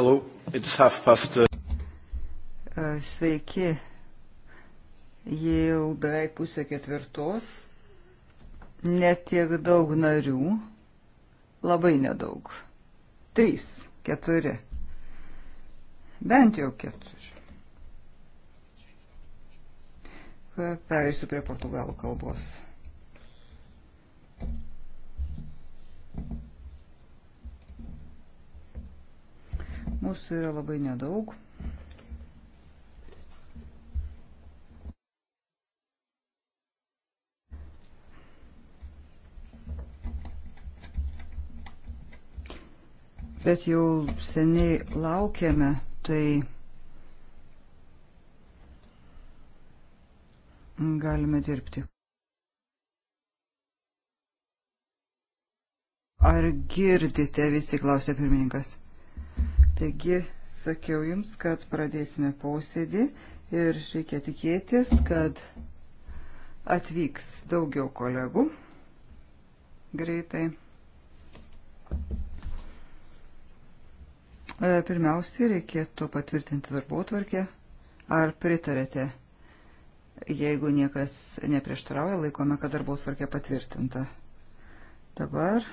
Hello, it's half past. Uh, sveiki, jau beveik pusė ketvirtos, netiek daug narių, labai nedaug. Trys, keturi, bent jau keturi. Pereisiu prie portugalų kalbos. Mūsų yra labai nedaug. bet jau seniai laukiame, tai galime dirbti. Ar girdite visi, klausė pirmininkas. Taigi, sakiau Jums, kad pradėsime posėdį ir reikia tikėtis, kad atvyks daugiau kolegų greitai. E, pirmiausiai reikėtų patvirtinti darbo tvarkę. Ar pritarėte? Jeigu niekas neprieštarauja, laikome, kad darbo tvarkė patvirtinta. Dabar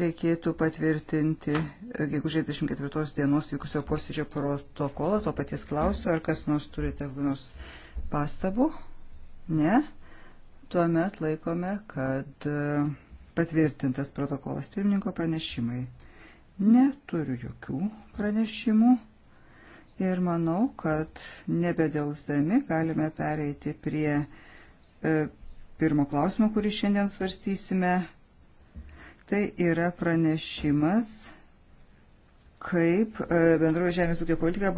reikėtų patvirtinti e, gegužės 24 dienos vykusio posėdžio protokolą. To paties klausiu, ar kas nors turite nors pastabų? Ne. Tuomet laikome, kad e, patvirtintas protokolas pirmininko pranešimai. Neturiu jokių pranešimų ir manau, kad nebedelsdami galime pereiti prie e, pirmo klausimo, kurį šiandien svarstysime Tai yra pranešimas, kaip e, bendroji žemės ūkio politika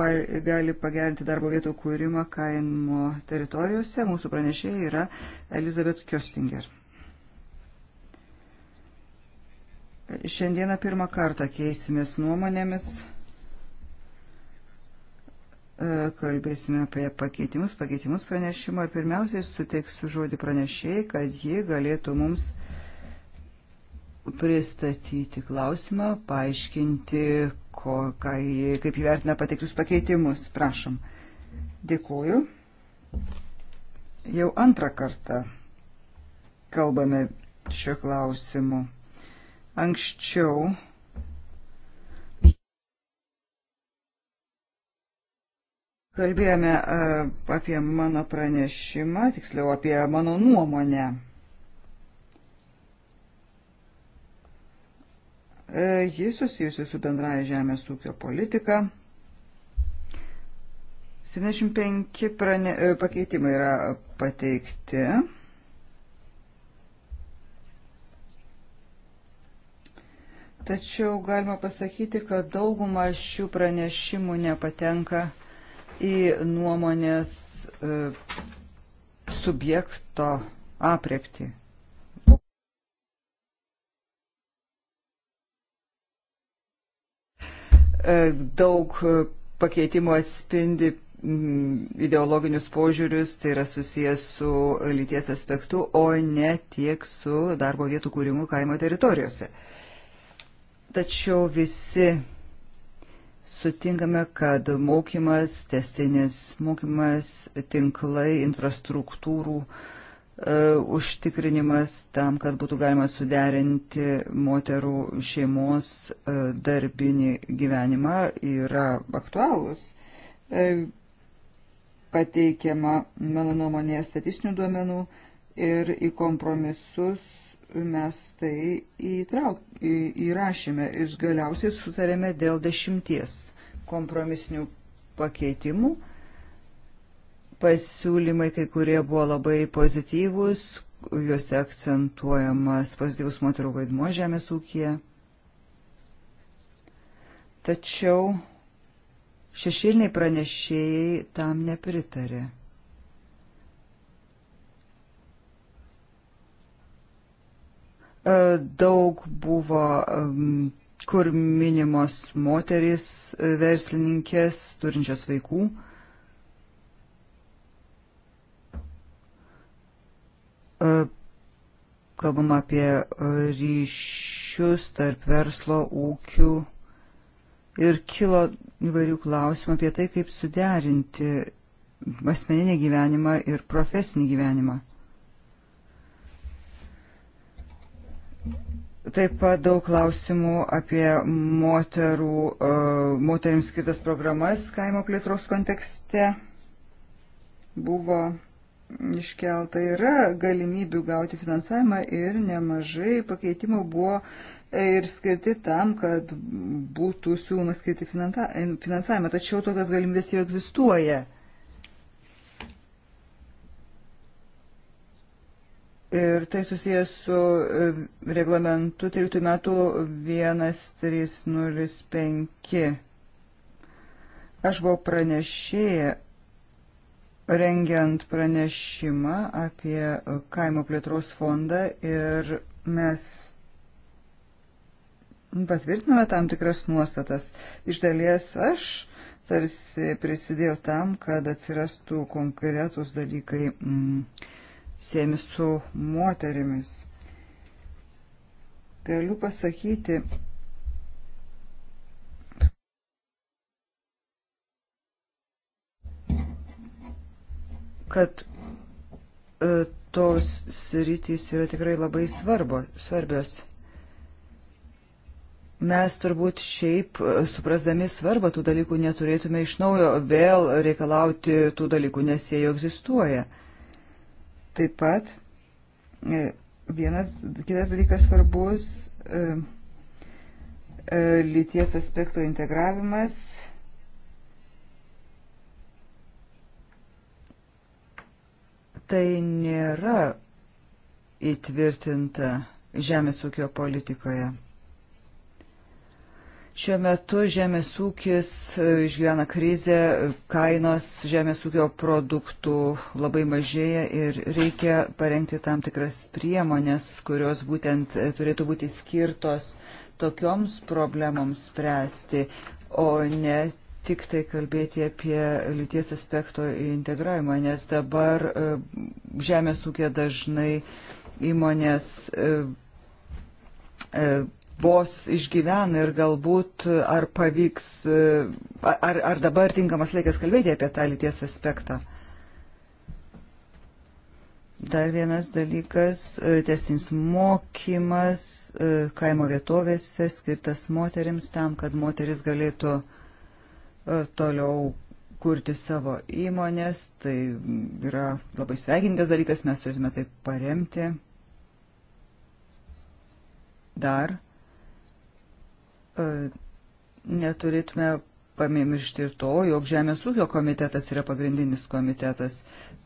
gali pagerinti darbo vietų kūrimą kaimo teritorijose. Mūsų pranešėja yra Elizabeth Kjostinger. Šiandieną pirmą kartą keisimės nuomonėmis e, kalbėsime apie pakeitimus, pakeitimus pranešimo ir pirmiausiai suteiksiu žodį pranešėjai, kad ji galėtų mums uh, pristatyti klausimą, paaiškinti, ko, kai, kaip įvertina pateiktus pakeitimus. Prašom. Dėkuoju. Jau antrą kartą kalbame šiuo klausimu. Anksčiau kalbėjome apie mano pranešimą, tiksliau apie mano nuomonę E, Jis susijusi su bendraja žemės ūkio politika. 75 prane, e, pakeitimai yra pateikti. Tačiau galima pasakyti, kad dauguma šių pranešimų nepatenka į nuomonės e, subjekto aprepti. E, daug e, pakeitimų atspindi mm, ideologinius požiūrius, tai yra susijęs su lyties aspektu, o ne tiek su darbo vietų kūrimu kaimo teritorijose. Tačiau visi sutinkame, kad mokymas, testinis mokymas, tinklai, infrastruktūrų uh, E, užtikrinimas tam, kad būtų galima suderinti moterų šeimos e, darbinį gyvenimą yra aktualūs. E, pateikiama, mano nuomonė, statistinių duomenų ir į kompromisus mes tai įtrauk, įrašėme ir galiausiai sutarėme dėl dešimties kompromisinių pakeitimų Pasiūlymai kai kurie buvo labai pozityvūs, juose akcentuojamas pozityvus moterų vaidmuo žemės ūkija. Tačiau šešiliniai pranešėjai tam nepritarė. daug buvo, kur minimos moteris e, verslininkės turinčios vaikų. E, kalbam apie e, ryšius tarp verslo ūkių ir kilo įvairių klausimų apie tai, kaip suderinti asmeninį gyvenimą ir profesinį gyvenimą. Taip pat daug klausimų apie moterų, e, moterims skirtas programas kaimo plėtros kontekste buvo iškelta yra galimybių gauti finansavimą ir nemažai pakeitimų buvo e, ir skirti tam, kad būtų siūloma skirti e, finansavimą. Tačiau tokios galimybės jau egzistuoja. Ir tai susijęs su e, reglamentu 13 metų 1305. Aš buvau pranešėję rengiant pranešimą apie kaimo plėtros fondą ir mes patvirtiname tam tikras nuostatas. Iš dalies aš tarsi prisidėjau tam, kad atsirastų konkretus dalykai mm, siemi su moterimis. Galiu pasakyti, kad e, tos sritys yra tikrai labai svarbo, svarbios. Mes turbūt šiaip, e, suprasdami svarbą tų dalykų, neturėtume iš naujo vėl reikalauti tų dalykų, nes jie jau egzistuoja. Taip pat e, vienas kitas dalykas svarbus - lyties aspekto integravimas tai nėra įtvirtinta žemės ūkio politikoje. Šiuo metu žemės ūkis e, išgyvena krizę, kainos žemės ūkio produktų labai mažėja ir reikia parengti tam tikras priemonės, kurios būtent e, turėtų būti skirtos tokioms problemoms spręsti, o ne tik tai kalbėti apie lyties aspekto integravimą, nes dabar e, žemės ūkė dažnai įmonės e, e, vos išgyvena ir galbūt ar pavyks, ar, ar dabar tinkamas laikas kalbėti apie tą lyties aspektą. Dar vienas dalykas - testinis mokymas kaimo vietovėse skirtas moteriams tam, kad moteris galėtų E, toliau kurti savo įmonės. Tai yra labai sveikintas dalykas, mes turime tai paremti. Dar e, neturėtume pamiršti ir to, jog Žemės ūkio komitetas yra pagrindinis komitetas.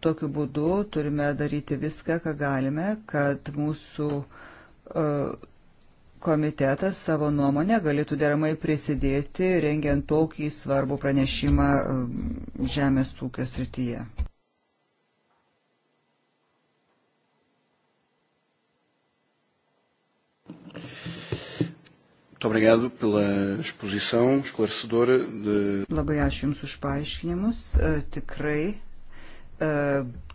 Tokiu būdu turime daryti viską, ką galime, kad mūsų uh, komitetas savo nuomonę galėtų deramai prisidėti rengiant tokį svarbų pranešimą um, žemės ūkio srityje. Obrigado pela exposição esclarecedora. De... Labai ačiū Jums už paaiškinimus. E, tikrai e,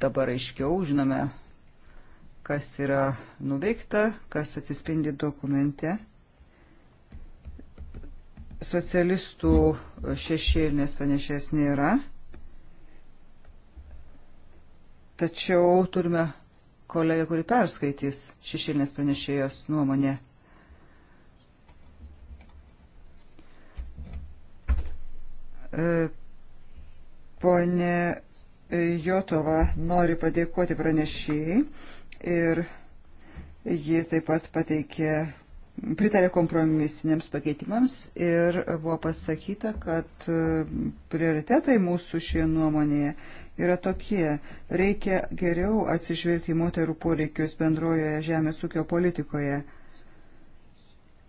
dabar aiškiau žinome kas yra nuveikta, kas atsispindi dokumente. Socialistų šešėlinės panešės nėra. Tačiau turime kolegę, kuri perskaitys šešėlinės pranešėjos nuomonę. E, Pone Jotova nori padėkoti pranešėjai ir ji taip pat pateikė, pritarė kompromisiniams pakeitimams ir buvo pasakyta, kad e, prioritetai mūsų šioje nuomonėje yra tokie. Reikia geriau atsižvelgti į moterų poreikius bendrojoje žemės ūkio politikoje.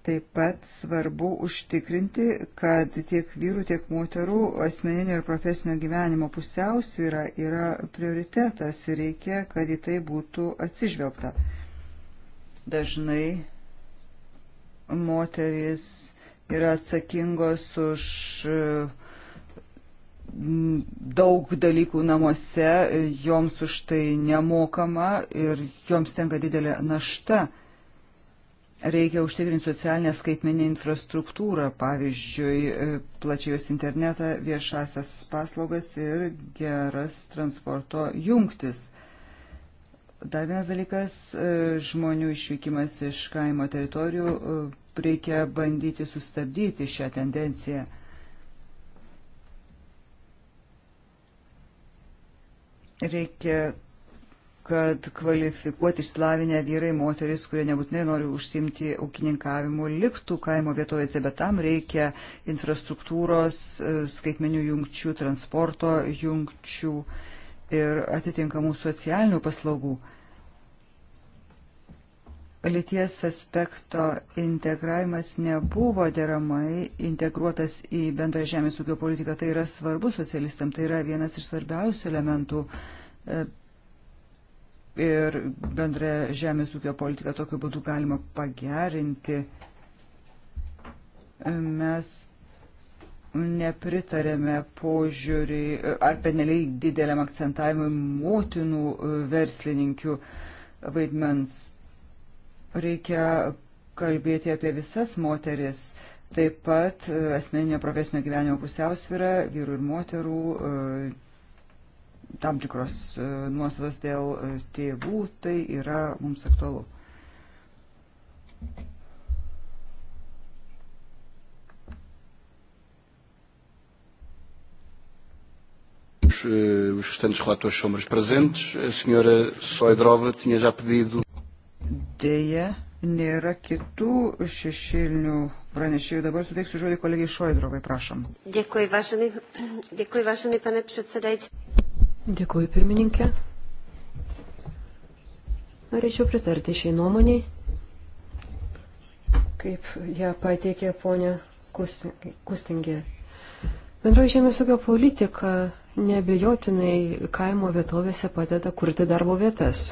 Taip pat svarbu užtikrinti, kad tiek vyrų, tiek moterų asmeninio ir profesinio gyvenimo pusiausvyra yra prioritetas ir reikia, kad į tai būtų atsižvelgta. Dažnai moteris yra atsakingos už mm, daug dalykų namuose, joms už tai nemokama ir joms tenka didelė našta Reikia užtikrinti socialinę skaitmeninę infrastruktūrą, pavyzdžiui, e, plačiajus internetą, viešasias paslaugas ir geras transporto jungtis. Dar vienas dalykas e, - žmonių išvykimas iš kaimo teritorijų. E, reikia bandyti sustabdyti šią tendenciją. Reikia kad kvalifikuoti išslavinę vyrai, moteris, kurie nebūtinai nori užsimti ūkininkavimu, liktų kaimo vietovėse, bet tam reikia infrastruktūros, e, skaitmenių jungčių, transporto jungčių ir atitinkamų socialinių paslaugų. Lyties aspekto integravimas nebuvo deramai integruotas į bendrą žemės ūkio politiką. Tai yra svarbu socialistam, tai yra vienas iš svarbiausių elementų e, ir bendrą žemės ūkio politiką tokiu būdu galima pagerinti. Mes nepritarėme požiūrį ar peneliai dideliam akcentavimui motinų e, verslininkių vaidmens. Reikia kalbėti apie visas moteris, taip pat e, asmeninio profesinio gyvenimo pusiausvyrą vyrų ir moterų, e, tam tikros e, nuostatos dėl e, tėvų, tai yra mums aktualu. os e, restantes relatores sombras presentes. A senhora Soidrova tinha já pedido. Deja, nėra kitų šešėlinių pranešėjų. Dabar suteiksiu žodį kolegijai Šoidrovai, prašom. Dėkui, važenai, dėkui, važenai, pane predsedaitė. Dėkuoju pirmininkė. Norėčiau pritarti šiai nuomoniai, kaip ją pateikė ponė Kustingė. Bendroji žemės ūkio politika nebejotinai kaimo vietovėse padeda kurti darbo vietas.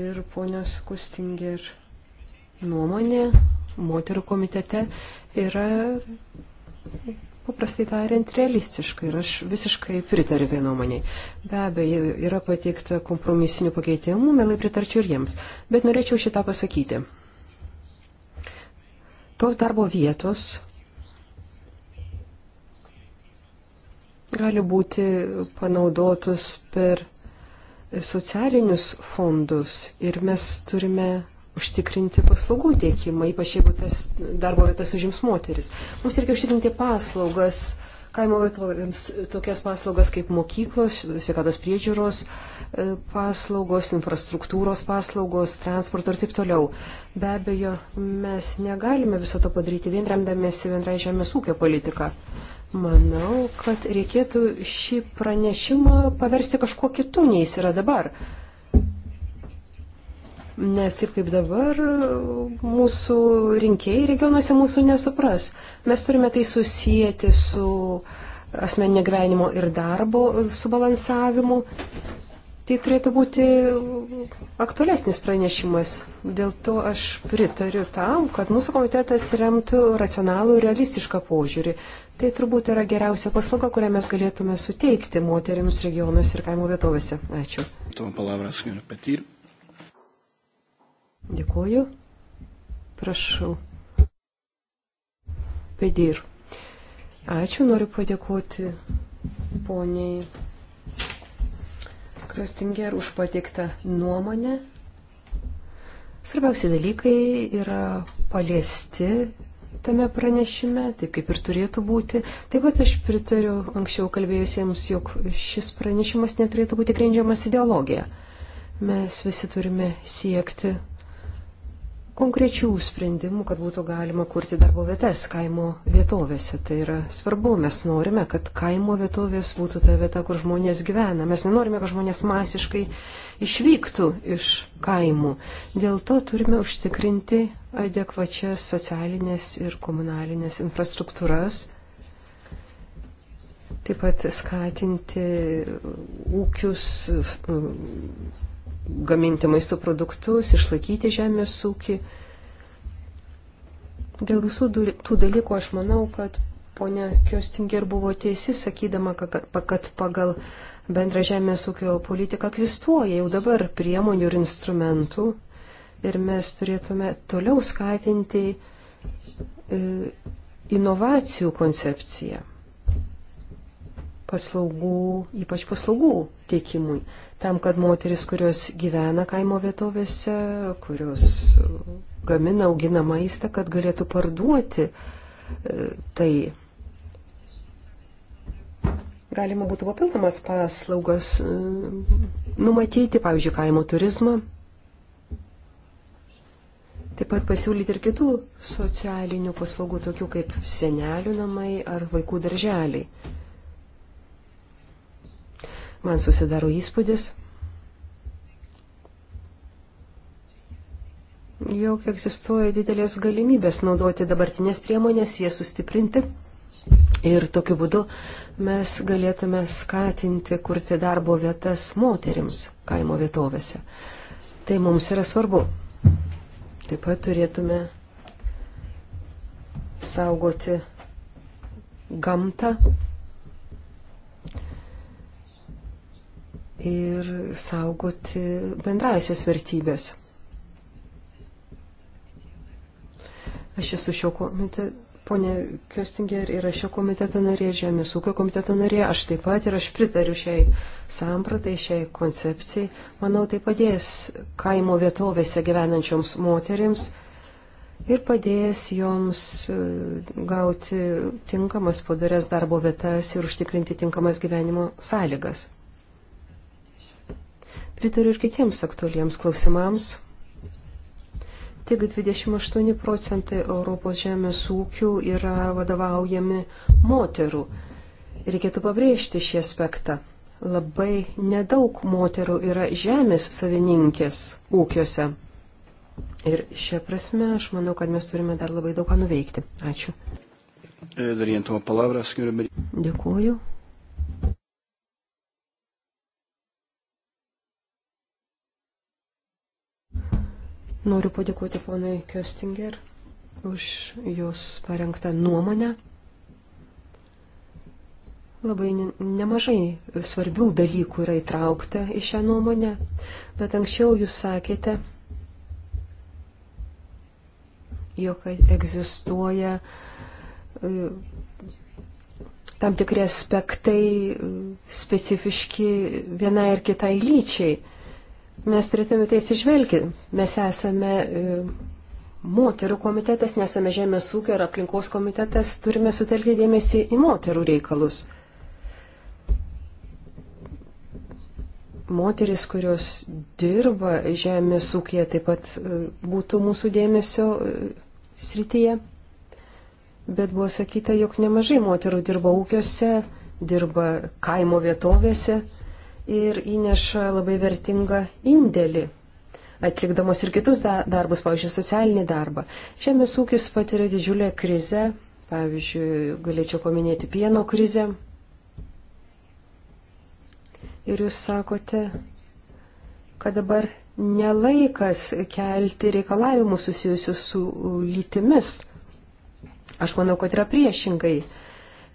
Ir ponios Kustinger nuomonė moterų komitete yra paprastai tariant, realistiška ir aš visiškai pritariu tai nuomonėj. Be abejo, yra pateikta kompromisinių pakeitimų, melai pritarčiau ir jiems, bet norėčiau šitą pasakyti. Tos darbo vietos gali būti panaudotos per socialinius fondus ir mes turime užtikrinti paslaugų tiekimą, ypač jeigu tas darbo vietas užims moteris. Mums reikia užtikrinti paslaugas, kaimo vietovėms tokias paslaugas kaip mokyklos, sveikatos priežiūros e, paslaugos, infrastruktūros paslaugos, transporto ir taip toliau. Be abejo, mes negalime viso to padaryti vien remdamėsi bendrai žemės ūkio politiką. Manau, kad reikėtų šį pranešimą paversti kažkuo kitu, nei jis yra dabar. Nes taip kaip dabar mūsų rinkėjai regionuose mūsų nesupras. Mes turime tai susijęti su asmeninio gyvenimo ir darbo subalansavimu. Tai turėtų būti aktualesnis pranešimas. Dėl to aš pritariu tam, kad mūsų komitetas remtų racionalų ir realistišką požiūrį. Tai turbūt yra geriausia paslauga, kurią mes galėtume suteikti moteriams regionuose ir kaimo vietovėse. Ačiū. Tom palavras, galiu patirti. Dėkuoju. Prašau. Pedir. Ačiū, noriu padėkoti poniai Krostinger už pateiktą nuomonę. Svarbiausi dalykai yra paliesti tame pranešime, taip kaip ir turėtų būti. Taip pat aš pritariu anksčiau kalbėjusiems, jog šis pranešimas neturėtų būti grindžiamas ideologija. Mes visi turime siekti konkrečių sprendimų, kad būtų galima kurti darbo vietas kaimo vietovėse. Tai yra svarbu, mes norime, kad kaimo vietovės būtų ta vieta, kur žmonės gyvena. Mes nenorime, kad žmonės masiškai išvyktų iš kaimų. Dėl to turime užtikrinti adekvačias socialinės ir komunalinės infrastruktūras. Taip pat skatinti ūkius gaminti maisto produktus, išlaikyti žemės ūkį. Dėl visų tų dalykų aš manau, kad ponia Kjostinger buvo teisi, sakydama, kad pagal bendrą žemės ūkio politiką egzistuoja jau dabar priemonių ir instrumentų ir mes turėtume toliau skatinti e, inovacijų koncepciją paslaugų, ypač paslaugų teikimui, tam, kad moteris, kurios gyvena kaimo vietovėse, kurios gamina, augina maistą, kad galėtų parduoti e, tai. Galima būtų papildomas paslaugas e, numatyti, pavyzdžiui, kaimo turizmą. Taip pat pasiūlyti ir kitų socialinių paslaugų, tokių kaip senelių namai ar vaikų darželiai. Man susidaro įspūdis, jog egzistuoja didelės galimybės naudoti dabartinės priemonės, jas sustiprinti. Ir tokiu būdu mes galėtume skatinti kurti darbo vietas moterims kaimo vietovėse. Tai mums yra svarbu. Taip pat turėtume saugoti gamtą ir saugoti bendrasias vertybės. Aš esu šio komiteto, ponė Kjostinger, yra šio komiteto narė, Žemės ūkio komiteto narė, aš taip pat ir aš pritariu šiai sampratai, šiai koncepcijai. Manau, tai padės kaimo vietovėse gyvenančioms moterims ir padės joms e, gauti tinkamas padarės darbo vietas ir užtikrinti tinkamas gyvenimo sąlygas. Pritariu ir kitiems aktualiems klausimams. Tik 28 procentai Europos žemės ūkių yra vadovaujami moterų. Reikėtų pabrėžti šį aspektą. Labai nedaug moterų yra žemės savininkės ūkiuose. Ir šią prasme aš manau, kad mes turime dar labai daug ką nuveikti. Ačiū. E, Dėkuoju. Noriu padėkoti ponai Köstinger už jos parengtą nuomonę. Labai nemažai svarbių dalykų yra įtraukta į šią nuomonę, bet anksčiau jūs sakėte, jog egzistuoja e, tam tikri aspektai e, specifiški vienai ar kitai lyčiai. Mes turėtume tai išvelgti. Mes esame e, moterų komitetas, nesame žemės ūkio ir aplinkos komitetas, turime sutelkti dėmesį į moterų reikalus. Moteris, kurios dirba žemės ūkėje, taip pat e, būtų mūsų dėmesio e, srityje. Bet buvo sakyta, jog nemažai moterų dirba ūkiuose, dirba kaimo vietovėse ir įneša labai vertingą indėlį, atlikdamos ir kitus darbus, pavyzdžiui, socialinį darbą. Žemės ūkis patiria didžiulę krizę, pavyzdžiui, galėčiau paminėti pieno krizę. Ir jūs sakote, kad dabar nelaikas kelti reikalavimus susijusius su lytimis. Aš manau, kad yra priešingai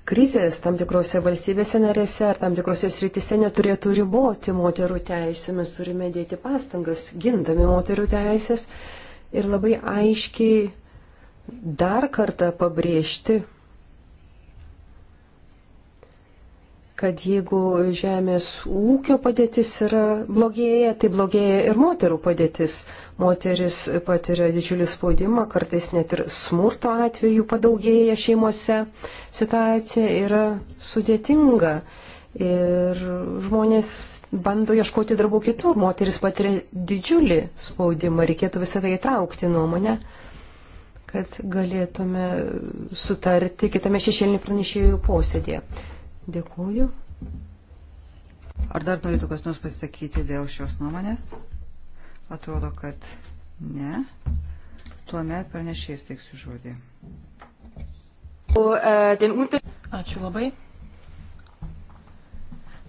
krizės tam tikrose valstybėse narėse ar tam tikrose srityse neturėtų riboti moterų teisų. Mes turime dėti pastangas gindami moterų teisės ir labai aiškiai dar kartą pabrėžti, kad jeigu žemės ūkio padėtis yra blogėja, tai blogėja ir moterų padėtis. Moteris patiria didžiulį spaudimą, kartais net ir smurto atveju padaugėja šeimose. Situacija yra sudėtinga ir žmonės bando ieškoti darbų kitur. Moteris patiria didžiulį spaudimą, reikėtų visą tai įtraukti nuomonę kad galėtume sutarti kitame šešėlinį pranešėjų posėdėje. Dėkuoju. Ar dar norėtų kas nors pasisakyti dėl šios nuomonės? Atrodo, kad ne. Tuomet pranešėjus teiksiu žodį. E, Ačiū labai.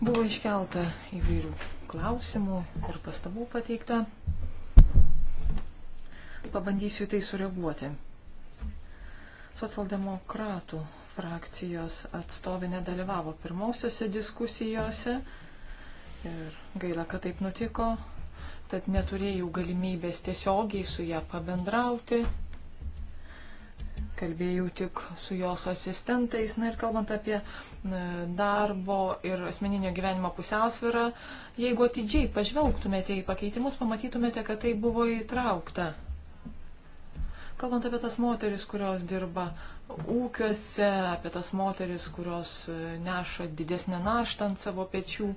Buvo iškelta įvairių klausimų ir pastabų pateikta. Pabandysiu tai sureaguoti. Socialdemokratų frakcijos atstovė nedalyvavo pirmausiose diskusijose ir gaila, kad taip nutiko, tad neturėjau galimybės tiesiogiai su ją pabendrauti. Kalbėjau tik su jos asistentais. Na ir kalbant apie e, darbo ir asmeninio gyvenimo pusiausvyrą, jeigu atidžiai pažvelgtumėte į pakeitimus, pamatytumėte, kad tai buvo įtraukta. Kalbant apie tas moteris, kurios dirba ūkiuose, apie tas moteris, kurios e, neša didesnę naštą ant savo pečių.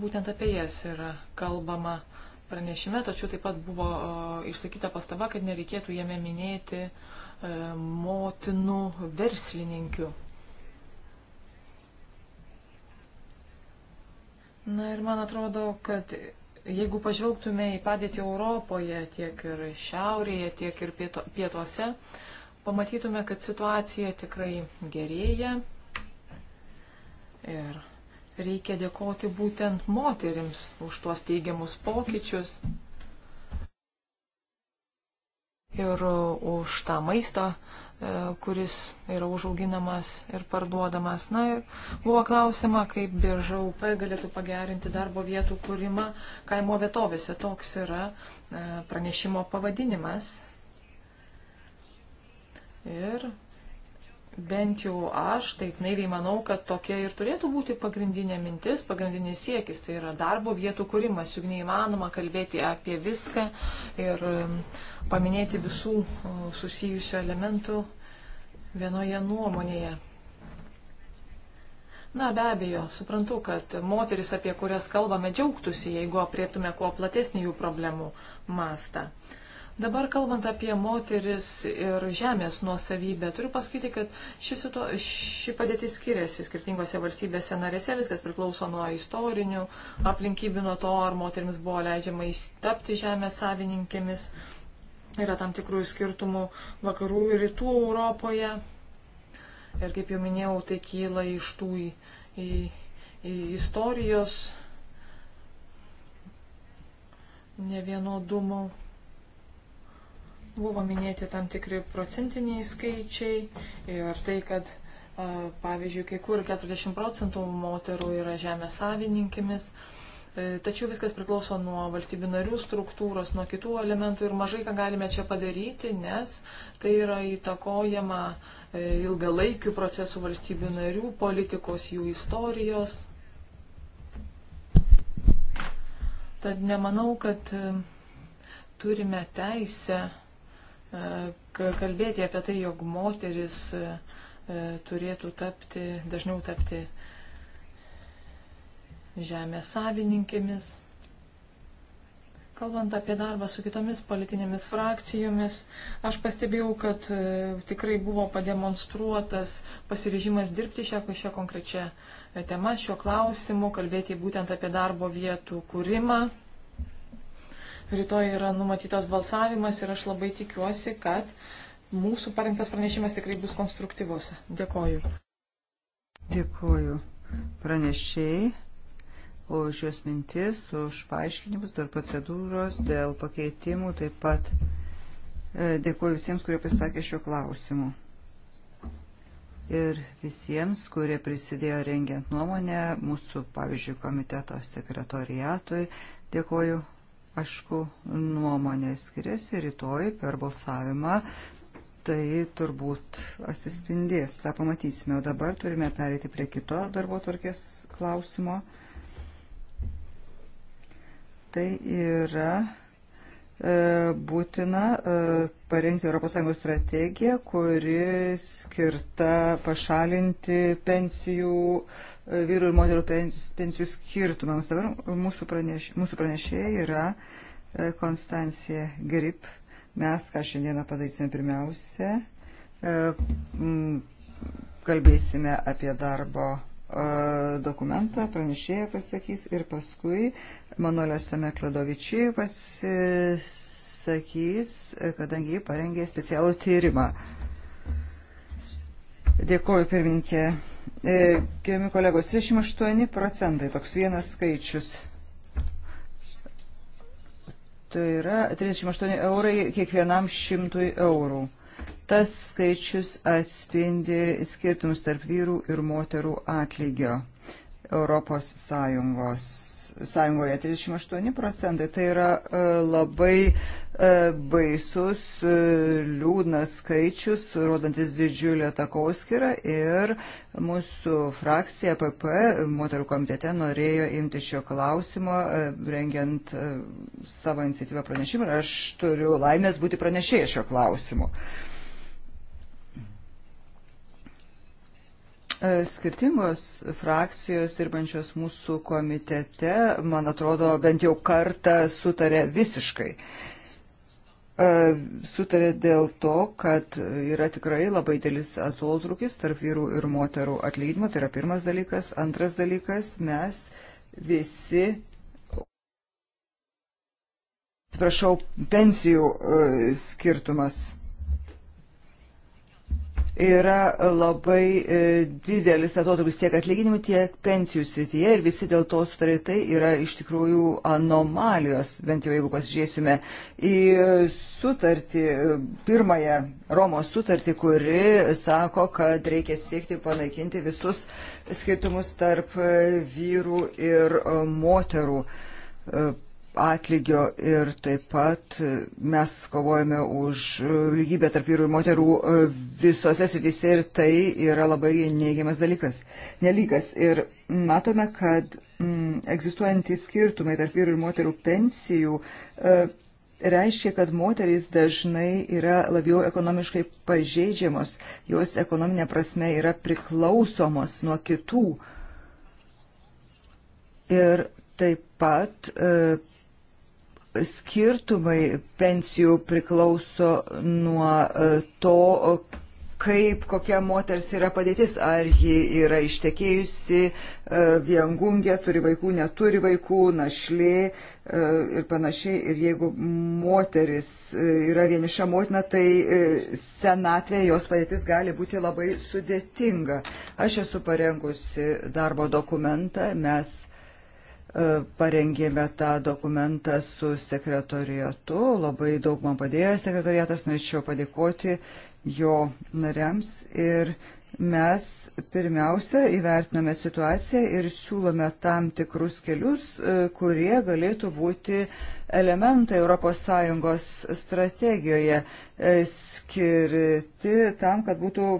Būtent apie jas yra kalbama pranešime, tačiau taip pat buvo e, išsakyta pastaba, kad nereikėtų jame minėti e, motinų verslininkių. Na ir man atrodo, kad Jeigu pažvelgtume į padėtį Europoje, tiek ir šiaurėje, tiek ir pieto, pietuose, pamatytume, kad situacija tikrai gerėja. Ir reikia dėkoti būtent moterims už tuos teigiamus pokyčius. Ir už tą maistą, E, kuris yra užauginamas ir parduodamas. Na ir buvo klausima, kaip birža UP galėtų pagerinti darbo vietų kūrimą kaimo vietovėse. Toks yra e, pranešimo pavadinimas. Ir bent jau aš taip naiviai manau, kad tokia ir turėtų būti pagrindinė mintis, pagrindinis siekis. Tai yra darbo vietų kūrimas. Juk neįmanoma kalbėti apie viską ir um, paminėti visų susijusių elementų vienoje nuomonėje. Na, be abejo, suprantu, kad moteris, apie kurias kalbame, džiaugtųsi, jeigu apriektume kuo platesnį jų problemų mastą. Dabar kalbant apie moteris ir žemės nuosavybę, turiu pasakyti, kad ši, situ... ši padėtis skiriasi skirtingose valstybėse narėse, viskas priklauso nuo istorinių aplinkybių, nuo to, ar moteriams buvo leidžiama įstapti žemės savininkėmis. Yra tam tikrų skirtumų vakarų ir rytų Europoje. Ir kaip jau minėjau, tai kyla iš tų į, į, į istorijos nevienodumų. Buvo minėti tam tikri procentiniai skaičiai ir tai, kad pavyzdžiui, kai kur 40 procentų moterų yra žemės savininkėmis. E, tačiau viskas priklauso nuo valstybių narių struktūros, nuo kitų elementų ir mažai ką galime čia padaryti, nes tai yra įtakojama e, ilgalaikių procesų valstybių narių, politikos jų istorijos. Tad nemanau, kad e, turime teisę kalbėti apie tai, jog moteris e, turėtų tapti, dažniau tapti žemės savininkėmis. Kalbant apie darbą su kitomis politinėmis frakcijomis, aš pastebėjau, kad e, tikrai buvo pademonstruotas pasiryžimas dirbti šią, šią konkrečią e, temą, šio klausimu, kalbėti būtent apie darbo vietų kūrimą. Rytoj yra numatytas balsavimas ir aš labai tikiuosi, kad mūsų parengtas pranešimas tikrai bus konstruktyvus. Dėkoju. Dėkoju pranešėjai už jos mintis, už paaiškinimus, dar procedūros, dėl pakeitimų, taip pat e, dėkoju visiems, kurie pasakė šio klausimu. Ir visiems, kurie prisidėjo rengiant nuomonę, mūsų, pavyzdžiui, komiteto sekretoriatui, dėkoju Aišku, nuomonės skiriasi rytoj per balsavimą. Tai turbūt atsispindės, tą pamatysime. O dabar turime pereiti prie kito darbo tvarkės klausimo. Tai yra E, būtina e, parengti ES strategiją, kuri skirta pašalinti pensijų, e, vyrų ir moterų pensijų skirtumams. Dabar mūsų, praneš, mūsų pranešėja yra Konstancija Grip. Mes, ką šiandieną padarysime pirmiausia, kalbėsime apie darbo dokumentą, pranešėją pasakys ir paskui Manolė Same Klodovičiai pasisakys, kadangi ji parengė specialų tyrimą. Dėkuoju, pirmininkė. E, gerbiami kolegos, 38 procentai, toks vienas skaičius. Tai yra 38 eurai kiekvienam šimtui eurų. Tas skaičius atspindi skirtumus tarp vyrų ir moterų atlygio Europos Sąjungos. Sąjungoje 38 procentai tai yra e, labai e, baisus, e, liūdnas skaičius, rodantis didžiulę takoskirą ir mūsų frakcija PP moterų komitete norėjo imti šio klausimo, rengiant savo iniciatyvą pranešimą ir aš turiu laimės būti pranešėjęs šio klausimu. E, skirtingos frakcijos dirbančios mūsų komitete, man atrodo, bent jau kartą sutarė visiškai. E, sutarė dėl to, kad yra tikrai labai dėlis atotrukis tarp vyrų ir moterų atlyginimo. Tai yra pirmas dalykas. Antras dalykas, mes visi atsiprašau, pensijų e, skirtumas yra labai e, didelis atotrukis tiek atlyginimų, tiek pensijų srityje ir visi dėl to sutarė tai yra iš tikrųjų anomalijos, bent jau jeigu pasižiūrėsime į sutartį, pirmąją Romos sutartį, kuri sako, kad reikia siekti panaikinti visus skirtumus tarp vyrų ir moterų e, atlygio ir taip pat mes kovojame už lygybę tarp vyrų ir moterų e, visose srityse ir tai yra labai neigiamas dalykas, nelygas. Ir matome, kad mm, egzistuojantys skirtumai tarp vyrų ir moterų pensijų e, reiškia, kad moterys dažnai yra labiau ekonomiškai pažeidžiamos, jos ekonominė prasme yra priklausomos nuo kitų. Ir taip pat e, skirtumai pensijų priklauso nuo e, to, kaip kokia moters yra padėtis, ar ji yra ištekėjusi, e, viengungė, turi vaikų, neturi vaikų, našlė e, ir panašiai. Ir jeigu moteris yra vieniša motina, tai senatvė jos padėtis gali būti labai sudėtinga. Aš esu parengusi darbo dokumentą, mes E, parengėme tą dokumentą su sekretorietu. Labai daug man padėjo sekretorietas, norėčiau padėkoti jo nariams. Ir mes pirmiausia įvertinome situaciją ir siūlome tam tikrus kelius, e, kurie galėtų būti elementai ES strategijoje e, skirti tam, kad būtų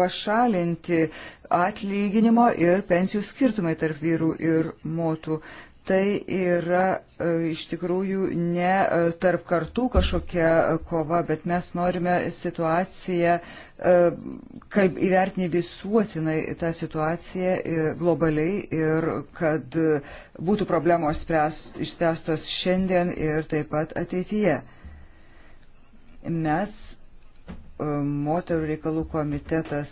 pašalinti atlyginimo ir pensijų skirtumai tarp vyrų ir motų. Tai yra e, iš tikrųjų ne e, tarp kartų kažkokia kova, bet mes norime situaciją, e, kalb, įvertinį visuotinai tą situaciją globaliai ir kad būtų problemos spręs, išspręstos šiandien ir taip pat ateityje. Mes moterų reikalų komitetas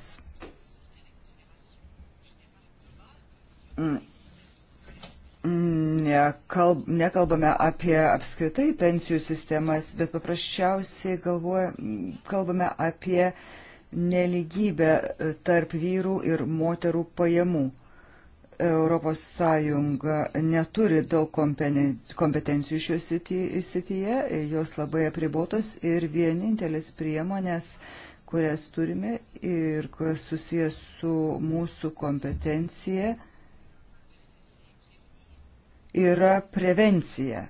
nekalb, nekalbame apie apskritai pensijų sistemas, bet paprasčiausiai galvoja, kalbame apie neligybę tarp vyrų ir moterų pajamų. Europos Sąjunga neturi daug kompetencijų šioje srityje, jos labai apribotos ir vienintelis priemonės, kurias turime ir kas susijęs su mūsų kompetencija, yra prevencija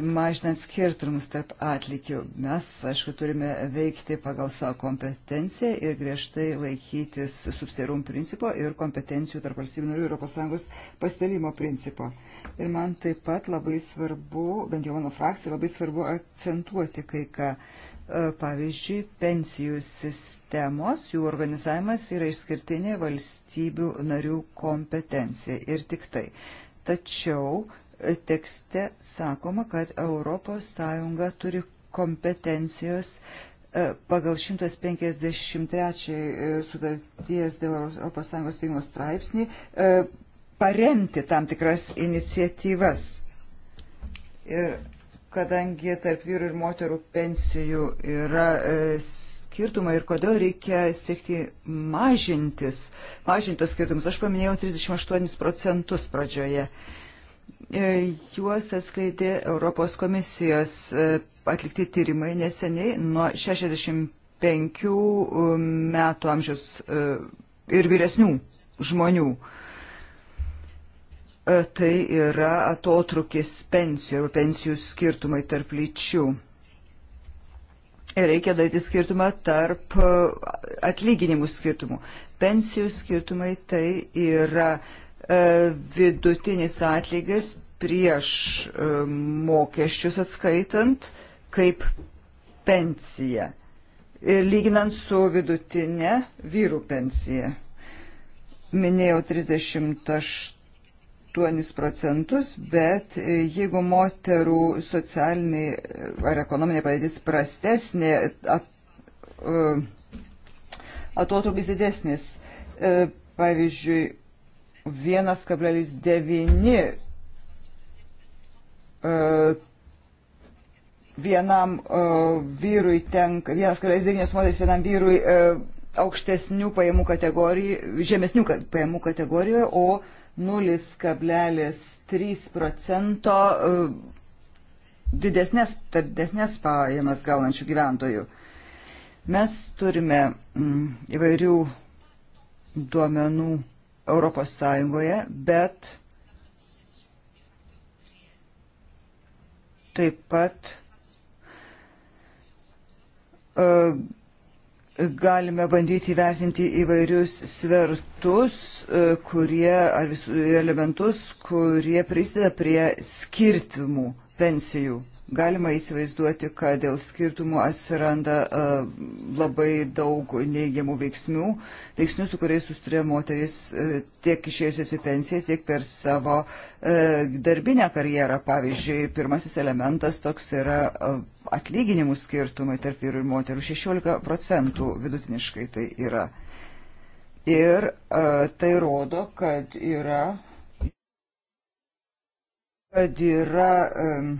mažinant skirtumus tarp atlikių. Mes, aišku, turime veikti pagal savo kompetenciją ir griežtai laikytis subsidiarum principo ir kompetencijų tarp valstybių narių ES pastelimo principo. Ir man taip pat labai svarbu, bent jau mano frakcija, labai svarbu akcentuoti kai ką. E, pavyzdžiui, pensijų sistemos, jų organizavimas yra išskirtinė valstybių narių kompetencija ir tik tai. Tačiau tekste sakoma, kad ES turi kompetencijos e, pagal 153 e, sutarties dėl ES veikimo straipsnį e, paremti tam tikras iniciatyvas. Ir kadangi tarp vyrų ir moterų pensijų yra skirtumai ir kodėl reikia siekti mažintis, mažintos skirtumus, aš paminėjau 38 procentus pradžioje. E, E, juos atskleidė Europos komisijos e, atlikti tyrimai neseniai nuo 65 um, metų amžiaus e, ir vyresnių žmonių. Tai yra atotrukis pensijų ir pensijų skirtumai tarp lyčių. Ir reikia daryti skirtumą tarp atlyginimų skirtumų. Pensijų skirtumai tai yra uh, E, vidutinis atlygis prieš e, mokesčius atskaitant kaip pensija. Ir lyginant su vidutinė vyrų pensija. Minėjau 38 procentus, bet jeigu moterų socialiniai ar ekonominė padėtis prastesnė, at, e, atotrukis didesnis. Pavyzdžiui, 1,9 e, e, vienam vyrui tenka, 1,9 moteris vienam vyrui aukštesnių pajamų kategorijų, žemesnių pajamų kategorijoje, o 0,3 procento e, didesnės, didesnės pajamas gaunančių gyventojų. Mes turime mm, įvairių duomenų Europos Sąjungoje, bet taip pat uh, galime bandyti įvertinti įvairius svertus, uh, kurie, ar visus elementus, kurie prisideda prie skirtimų pensijų. Galima įsivaizduoti, kad dėl skirtumų atsiranda uh, labai daug neigiamų veiksnių, veiksnių, su kuriais susturė moteris uh, tiek išėjusios į pensiją, tiek per savo uh, darbinę karjerą. Pavyzdžiui, pirmasis elementas toks yra uh, atlyginimų skirtumai tarp vyrų ir moterų. 16 procentų vidutiniškai tai yra. Ir uh, tai rodo, kad yra. Kad yra um,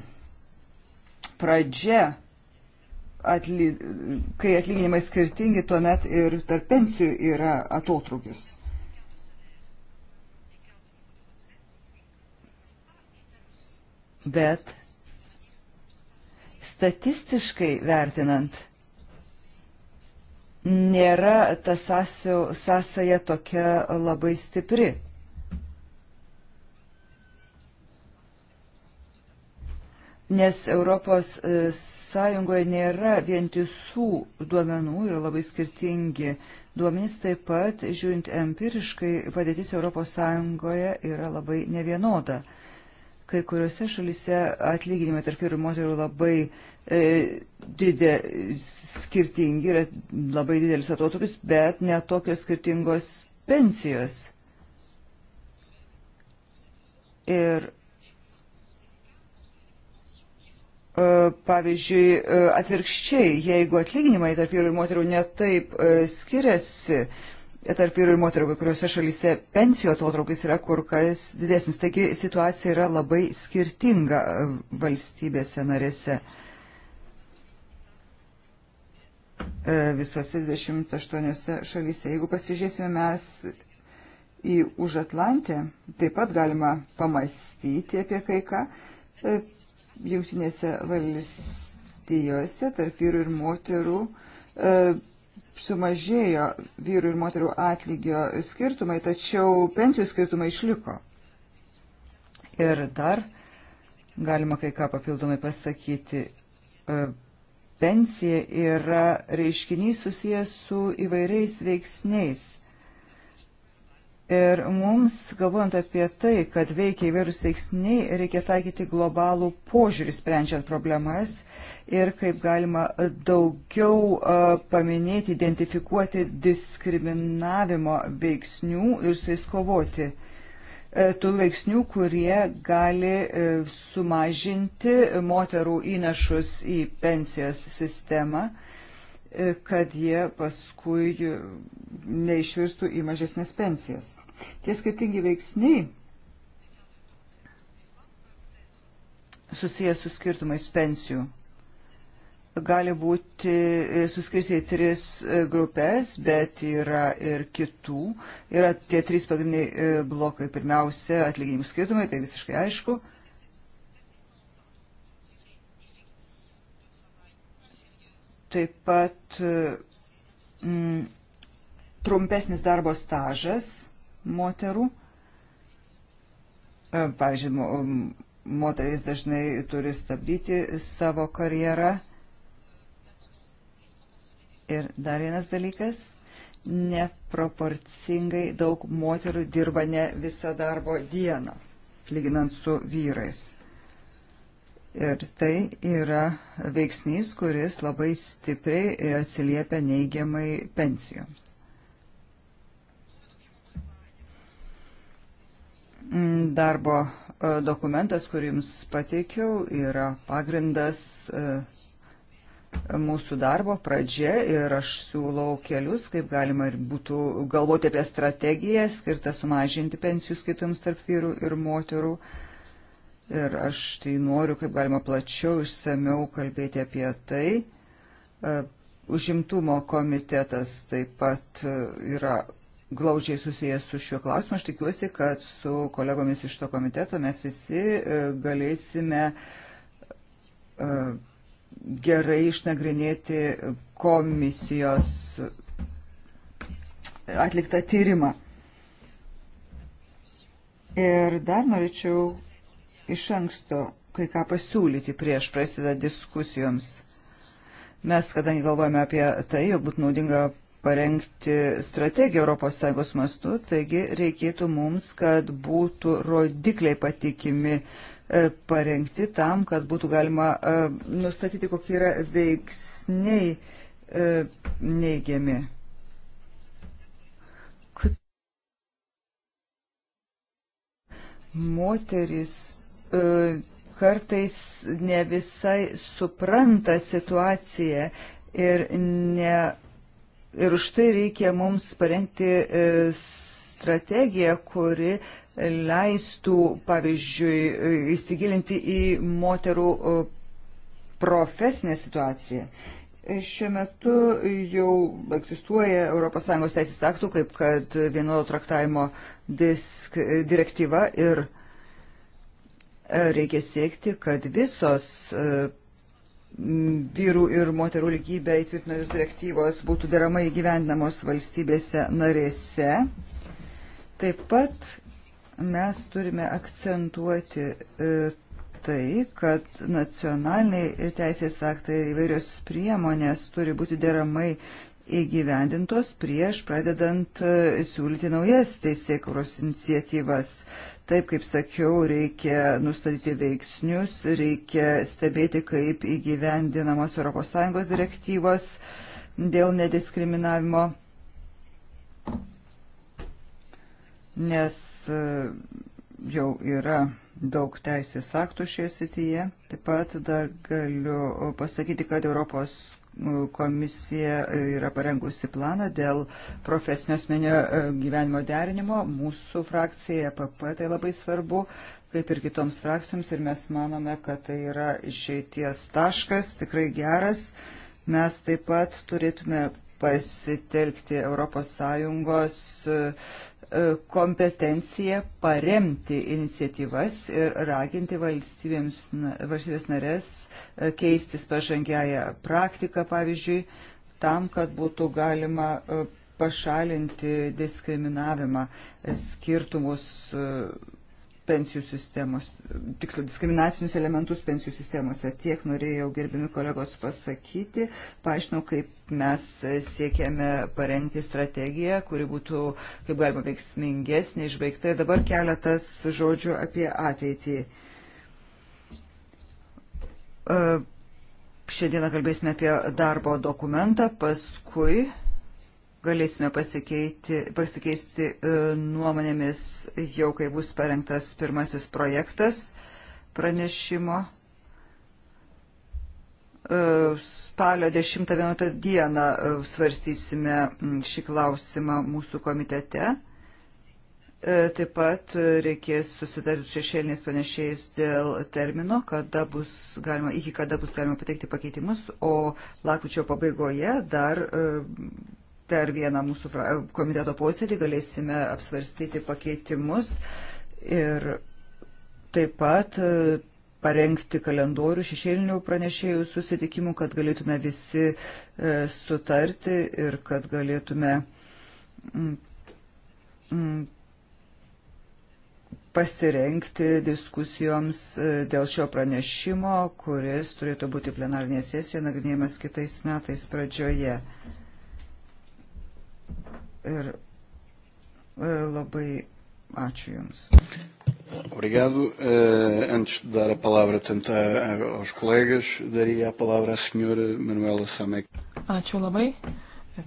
pradžia, atly, kai atlyginimai skirtingi, tuomet ir tarp pensijų yra atotrukis. Bet statistiškai vertinant, nėra ta sąsaja tokia labai stipri. nes Europos e, Sąjungoje nėra vientisų duomenų, yra labai skirtingi duomenys, taip pat, žiūrint empiriškai, padėtis Europos Sąjungoje yra labai nevienoda. Kai kuriuose šalise atlyginimai tarp vyrų ir moterų labai e, didė, skirtingi, yra labai didelis atotrukis, bet netokios skirtingos pensijos. Ir E, pavyzdžiui, e, atvirkščiai, jeigu atlyginimai tarp vyrų ir moterų netaip e, skiriasi, tarp vyrų ir moterų, kai kuriuose šalyse pensijų atotraukis yra kur kas didesnis, taigi situacija yra labai skirtinga valstybėse narėse. Visose 28 šalyse. Jeigu pasižiūrėsime mes į už Atlantę, taip pat galima pamastyti apie kai ką jungtinėse valstijose tarp vyrų ir moterų e, sumažėjo vyrų ir moterų atlygio skirtumai, tačiau pensijų skirtumai išliko. Ir dar galima kai ką papildomai pasakyti. E, pensija yra reiškinys susijęs su įvairiais veiksniais Ir mums, galvojant apie tai, kad veikia įvairūs veiksniai, reikia taikyti globalų požiūrį sprendžiant problemas ir kaip galima daugiau paminėti, identifikuoti diskriminavimo veiksnių ir su jais kovoti. E, tų veiksnių, kurie gali e, sumažinti moterų įnašus į pensijos sistemą kad jie paskui neišvirstų į mažesnės pensijas. Tie skirtingi veiksniai susijęs su skirtumais pensijų gali būti e, suskirsti į tris e, grupės, bet yra ir kitų. Yra tie trys pagrindiniai e, blokai. Pirmiausia, atlyginimų skirtumai, tai visiškai aišku. taip pat mm, trumpesnis darbo stažas moterų. E, pavyzdžiui, mm, moteris dažnai turi stabdyti savo karjerą. Ir dar vienas dalykas - neproporcingai daug moterų dirba ne visą darbo dieną, lyginant su vyrais. Ir tai yra veiksnys, kuris labai stipriai atsiliepia neigiamai pensijoms. Darbo e, dokumentas, kurį jums pateikiau, yra pagrindas e, mūsų darbo pradžia ir aš siūlau kelius, kaip galima ir būtų galvoti apie strategiją skirtą sumažinti pensijų skirtumus tarp vyrų ir moterų. Uh, ir aš tai noriu kaip galima plačiau išsameu kalbėti apie tai. E, užimtumo komitetas taip pat e, yra glaudžiai susijęs su šiuo klausimu. Aš tikiuosi, kad su kolegomis iš to komiteto mes visi e, galėsime gerai išnagrinėti komisijos atliktą tyrimą. Ir dar norėčiau iš anksto kai ką pasiūlyti prieš prasideda diskusijoms. Mes, kadangi galvojame apie tai, jog būtų naudinga parengti strategiją ES mastu, taigi reikėtų mums, kad būtų rodikliai patikimi e, parengti tam, kad būtų galima e, nustatyti, kokie yra veiksniai e, neigiami. Moteris E, kartais ne visai supranta situaciją ir, ne, ir už tai reikia mums parengti e, strategiją, kuri leistų, pavyzdžiui, e, įsigilinti į moterų profesinę situaciją. Šiuo metu jau egzistuoja ES teisės aktų, kaip kad vienodo traktavimo disk, direktyva ir direktyva reikia siekti, kad visos e, vyrų ir moterų lygybę įtvirtinančios direktyvos būtų deramai gyvendinamos valstybėse narėse. Taip pat mes turime akcentuoti e, tai, kad nacionaliniai teisės aktai ir įvairios priemonės turi būti deramai įgyvendintos prieš pradedant e, siūlyti naujas teisėkuros iniciatyvas. Taip, kaip sakiau, reikia nustatyti veiksnius, reikia stebėti, kaip įgyvendinamos ES direktyvos dėl nediskriminavimo, nes e, jau yra daug teisės aktų šioje srityje. Taip pat dar galiu pasakyti, kad Europos Komisija yra parengusi planą dėl profesinio asmenio e, gyvenimo derinimo. Mūsų frakcija EPP tai labai svarbu, kaip ir kitoms frakcijoms, ir mes manome, kad tai yra išeities taškas, tikrai geras. Mes taip pat turėtume pasitelkti ES E, kompetencija paremti iniciatyvas ir raginti valstybės narės e, keistis pažangiają praktiką, pavyzdžiui, tam, kad būtų galima e, pašalinti diskriminavimą, skirtumus pensijų sistemos, tiksliau diskriminacinius elementus pensijų sistemose. Tiek norėjau gerbimi kolegos pasakyti, paaiškinau, kaip mes siekiame parengti strategiją, kuri būtų kaip galima veiksmingesnė, išbaigta. Ir dabar keletas žodžių apie ateitį. Šiandieną kalbėsime apie darbo dokumentą, paskui galėsime pasikeisti e, nuomonėmis jau, kai bus parengtas pirmasis projektas pranešimo. E, spalio 10-11 dieną e, svarstysime šį klausimą mūsų komitete. Taip pat reikės susidaryti su šešėliniais pranešėjais dėl termino, kada bus galima, iki kada bus galima pateikti pakeitimus, o lakvičio pabaigoje dar per vieną mūsų komiteto posėdį galėsime apsvarstyti pakeitimus ir taip pat e, parengti kalendorių šešėlinių pranešėjų susitikimų, kad galėtume visi e, sutarti ir kad galėtume mm, mm, pasirengti diskusijoms e, dėl šio pranešimo, kuris turėtų būti plenarnėje sesijoje nagrinėjimas kitais metais pradžioje. Ir e, labai ačiū Jums. Obrigado. Uh, antes de dar a palavra tanto a, aos colegas, daria a palavra à senhora Manuela Samek. Ačiū labai.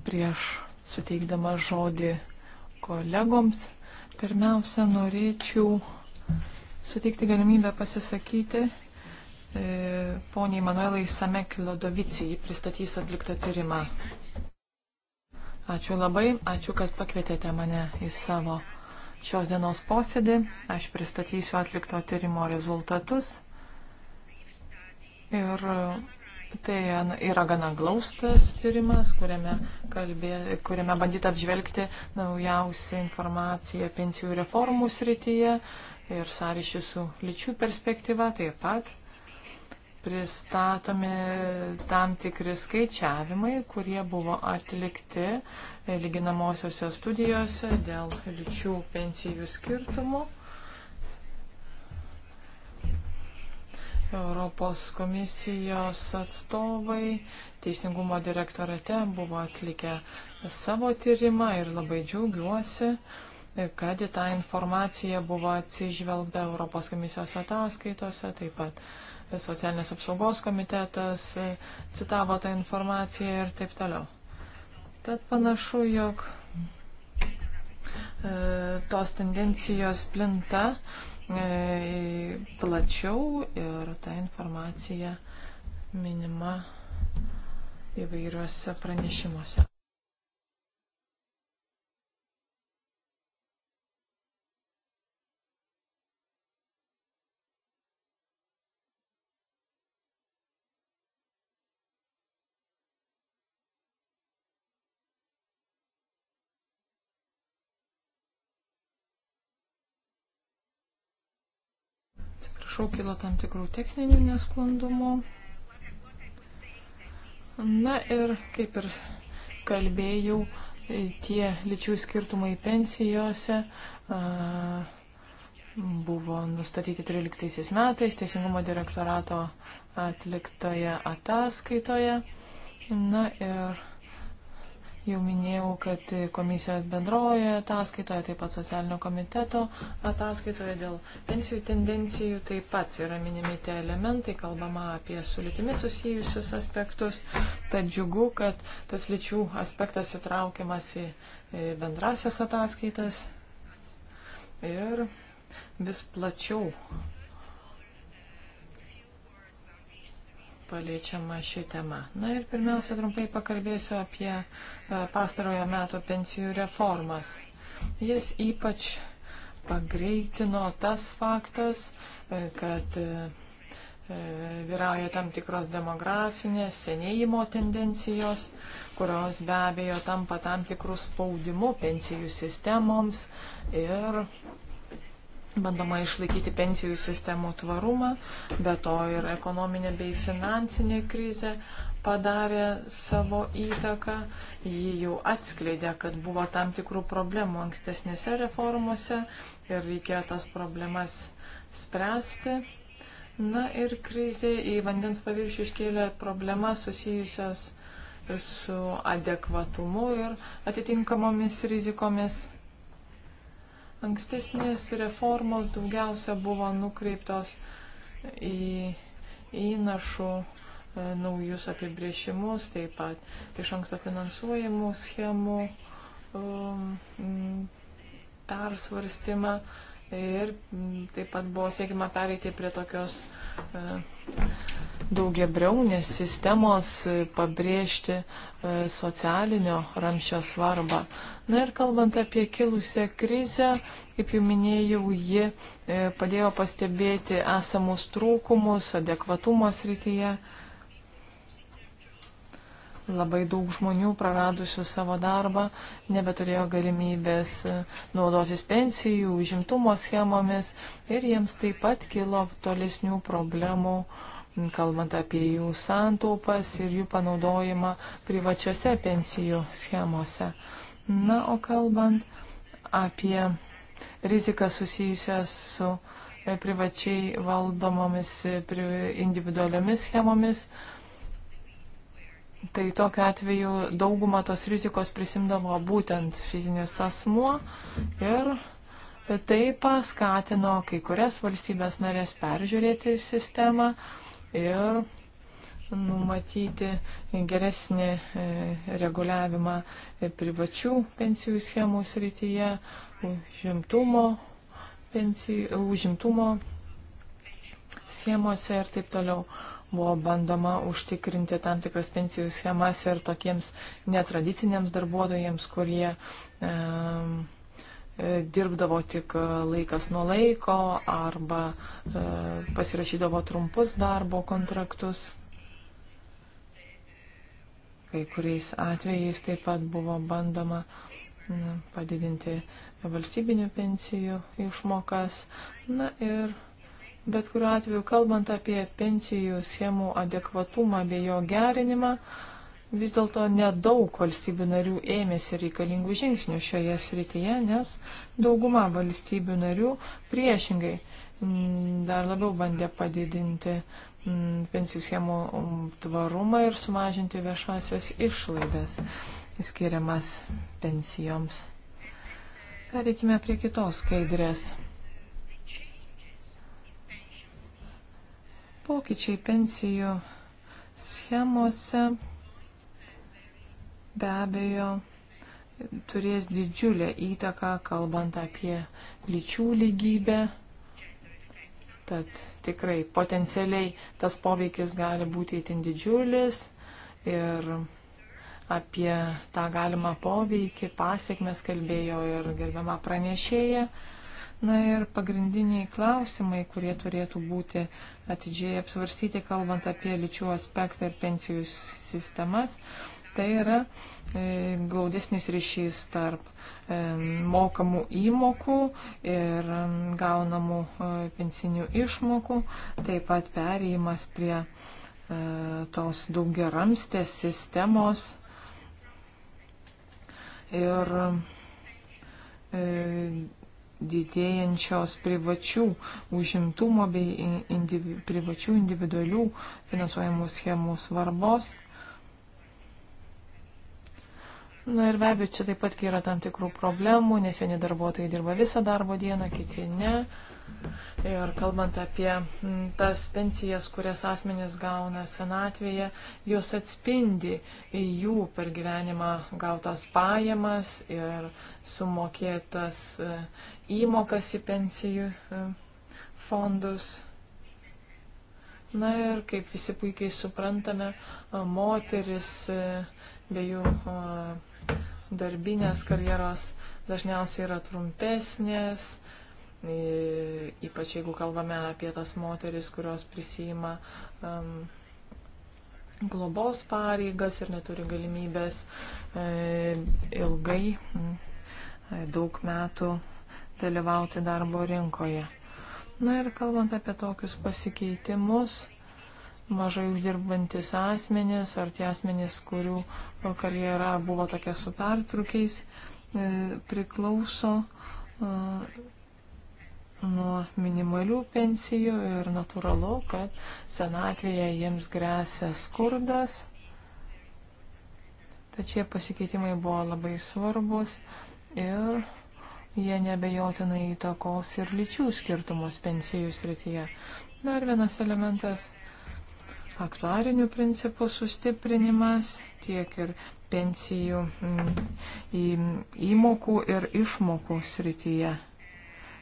Prieš suteikdama žodį kolegoms, pirmiausia, norėčiau suteikti galimybę pasisakyti e, poniai Manuelai Samek Lodovicijai pristatys atliktą tyrimą. Ačiū labai, ačiū, kad pakvietėte mane į savo šios dienos posėdį. Aš pristatysiu atlikto tyrimo rezultatus. Ir tai yra gana glaustas tyrimas, kuriame, kalbė, kuriame bandyta apžvelgti naujausią informaciją pensijų reformų srityje ir sąryšį su lyčių perspektyva taip pat pristatomi tam tikri skaičiavimai, kurie buvo atlikti lyginamosiose studijose dėl lyčių pensijų skirtumų. Europos komisijos atstovai Teisingumo direktorate buvo atlikę savo tyrimą ir labai džiaugiuosi, kad į tą informaciją buvo atsižvelgta Europos komisijos ataskaitose, taip pat socialinės apsaugos komitetas citavo tą informaciją ir taip toliau. Tad panašu, jog e, tos tendencijos plinta e, plačiau ir ta informacija minima įvairiuose pranešimuose. Atsiprašau, kilo tam tikrų techninių nesklandumų. Na ir kaip ir kalbėjau, tie lyčių skirtumai pensijose. A, buvo nustatyti 13 metais Teisingumo direktorato atliktoje ataskaitoje. Na ir Jau minėjau, kad komisijos bendroje ataskaitoje, taip pat socialinio komiteto ataskaitoje dėl pensijų tendencijų taip pat yra minimi tie elementai, kalbama apie su lytimi susijusius aspektus. Tad džiugu, kad tas lyčių aspektas įtraukiamas į bendrasias ataskaitas ir vis plačiau paliečiama ši tema. Na ir pirmiausia, trumpai pakalbėsiu apie E, pastarojo meto pensijų reformas. Jis ypač pagreitino tas faktas, e, kad e, vyrauja tam tikros demografinės senėjimo tendencijos, kurios be abejo tampa tam tikrų spaudimų pensijų sistemoms ir bandoma išlaikyti pensijų sistemų tvarumą, be to ir ekonominė bei finansinė krizė padarė savo įtaką. Ji jau atskleidė, kad buvo tam tikrų problemų ankstesnėse reformuose ir reikėjo tas problemas spręsti. Na ir krizė į vandens paviršių iškėlė problemas susijusias su adekvatumu ir atitinkamomis rizikomis. Ankstesnės reformos daugiausia buvo nukreiptos į įnašų E, naujus apibrėžimus, taip pat iš anksto finansuojamų schemų um, persvarstymą ir taip pat buvo siekima pereiti prie tokios e, daugiabriaunės sistemos, e, pabrėžti socialinio ramščio svarbą. Na ir kalbant apie kilusią krizę, kaip jau minėjau, ji padėjo pastebėti esamus trūkumus adekvatumo srityje. Labai daug žmonių praradusių savo darbą nebeturėjo galimybės naudotis pensijų, užimtumo schemomis ir jiems taip pat kilo tolesnių problemų, kalbant apie jų santaupas ir jų panaudojimą privačiose pensijų schemose. Na, o kalbant apie riziką susijusią su e, privačiai valdomomis individualiomis schemomis, Tai tokiu atveju daugumą tos rizikos prisimdavo būtent fizinis asmuo ir tai paskatino kai kurias valstybės narės peržiūrėti sistemą ir numatyti geresnį e, reguliavimą privačių pensijų schemų srityje, užimtumo, pensijų, užimtumo schemose ir taip toliau buvo bandoma užtikrinti tam tikras pensijų schemas ir tokiems netradiciniams darbuotojams, kurie e, dirbdavo tik e, laikas nuo laiko arba e, pasirašydavo trumpus darbo kontraktus. Kai kuriais atvejais taip pat buvo bandoma padidinti valstybinių pensijų išmokas. Na ir Bet kuriuo atveju, kalbant apie pensijų schemų adekvatumą bei jo gerinimą, vis dėlto nedaug valstybių narių ėmėsi reikalingų žingsnių šioje srityje, nes dauguma valstybių narių priešingai mm, dar labiau bandė padidinti mm, pensijų schemų mm, tvarumą ir sumažinti viešasias išlaidas skiriamas pensijoms. Pereikime prie kitos skaidrės. Pokyčiai pensijų schemose be abejo turės didžiulę įtaką, kalbant apie lyčių lygybę. Tad tikrai potencialiai tas poveikis gali būti itin didžiulis ir apie tą galimą poveikį pasiekmes kalbėjo ir gerbiama pranešėja. Na ir pagrindiniai klausimai, kurie turėtų būti atidžiai apsvarstyti, kalbant apie lyčių aspektą ir pensijų sistemas, tai yra e, glaudesnis ryšys tarp e, mokamų įmokų ir gaunamų e, pensinių išmokų, taip pat perėjimas prie e, tos daugiaramstės sistemos. Ir e, didėjančios privačių užimtumo bei indivi, privačių individualių finansuojamų schemų svarbos. Na ir be abejo, čia taip pat yra tam tikrų problemų, nes vieni darbuotojai dirba visą darbo dieną, kiti ne. Ir kalbant apie mm, tas pensijas, kurias asmenys gauna senatvėje, jos atspindi jų per gyvenimą gautas pajamas ir sumokėtas e, įmokas į pensijų e, fondus. Na ir kaip visi puikiai suprantame, e, moteris be jų darbinės karjeros dažniausiai yra trumpesnės, E, ypač jeigu kalbame apie tas moteris, kurios prisima um, globos pareigas ir neturi galimybės e, ilgai, e, daug metų dalyvauti darbo rinkoje. Na ir kalbant apie tokius pasikeitimus, mažai uždirbantis asmenys ar tie asmenys, kurių karjera buvo tokia su pertrukiais, e, priklauso e, nuo minimalių pensijų ir natūralu, kad senatvėje jiems grėsia skurdas. Tačiau pasikeitimai buvo labai svarbus ir jie nebejotinai įtakos ir lyčių skirtumus pensijų srityje. Dar vienas elementas - aktuarinių principų sustiprinimas tiek ir pensijų mm, įmokų ir išmokų srityje.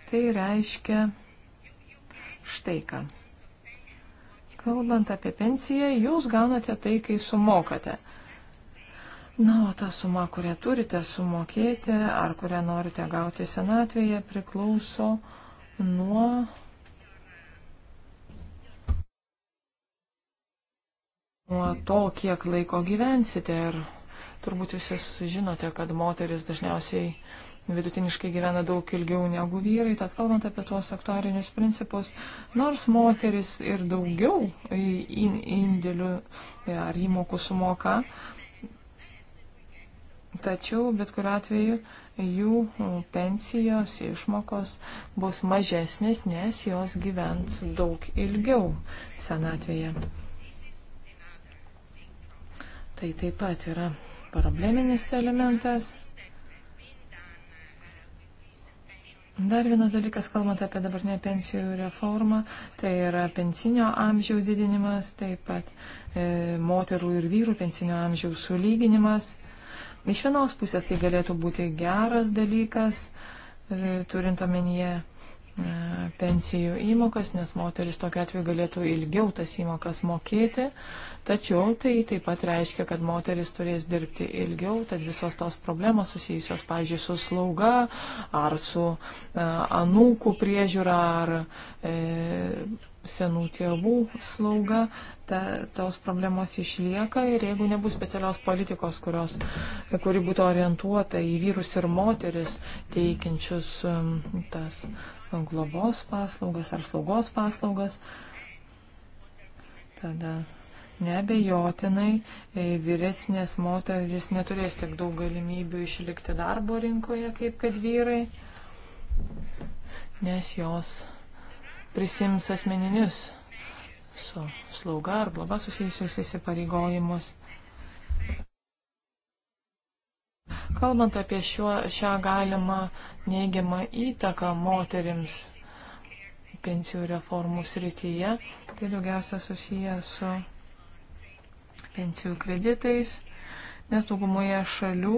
Tai reiškia štai ką. Kalbant apie pensiją, jūs gaunate tai, kai sumokate. Na, o ta suma, kurią turite sumokėti ar kurią norite gauti senatvėje, priklauso nuo. Nuo to, kiek laiko gyvensite ir turbūt visi žinote, kad moteris dažniausiai uh, vidutiniškai gyvena daug ilgiau negu vyrai, tad kalbant apie tuos aktuarinius principus, nors moteris ir daugiau indėlių e, ar įmokų sumoka, tačiau bet kuriu atveju jų pensijos išmokos bus mažesnės, nes jos gyvens daug ilgiau senatvėje. Tai taip pat yra probleminis elementas. Dar vienas dalykas, kalbant apie dabartinę pensijų reformą, tai yra pensinio amžiaus didinimas, taip pat e, moterų ir vyrų pensinio amžiaus sulyginimas. Iš vienos pusės tai galėtų būti geras dalykas, e, turint omenyje E, pensijų įmokas, nes moteris tokiu atveju galėtų ilgiau tas įmokas mokėti, tačiau tai taip pat reiškia, kad moteris turės dirbti ilgiau, tad visos tos problemos susijusios, pavyzdžiui, su slauga ar su e, anūkų priežiūra ar e, senų tėvų slauga, ta, tos problemos išlieka ir jeigu nebus specialios politikos, kurios, kuri būtų orientuota į vyrus ir moteris teikiančius um, tas globos paslaugas ar slaugos paslaugas, tada nebejotinai e, vyresnės moteris neturės tiek daug galimybių išlikti darbo rinkoje kaip kad vyrai, nes jos prisims asmeninius su slauga ar globa susijusius įsipareigojimus. Kalbant apie šio, šią galimą neigiamą įtaką moterims pensijų reformų srityje, tai daugiausia susiję su pensijų kreditais, nes daugumoje šalių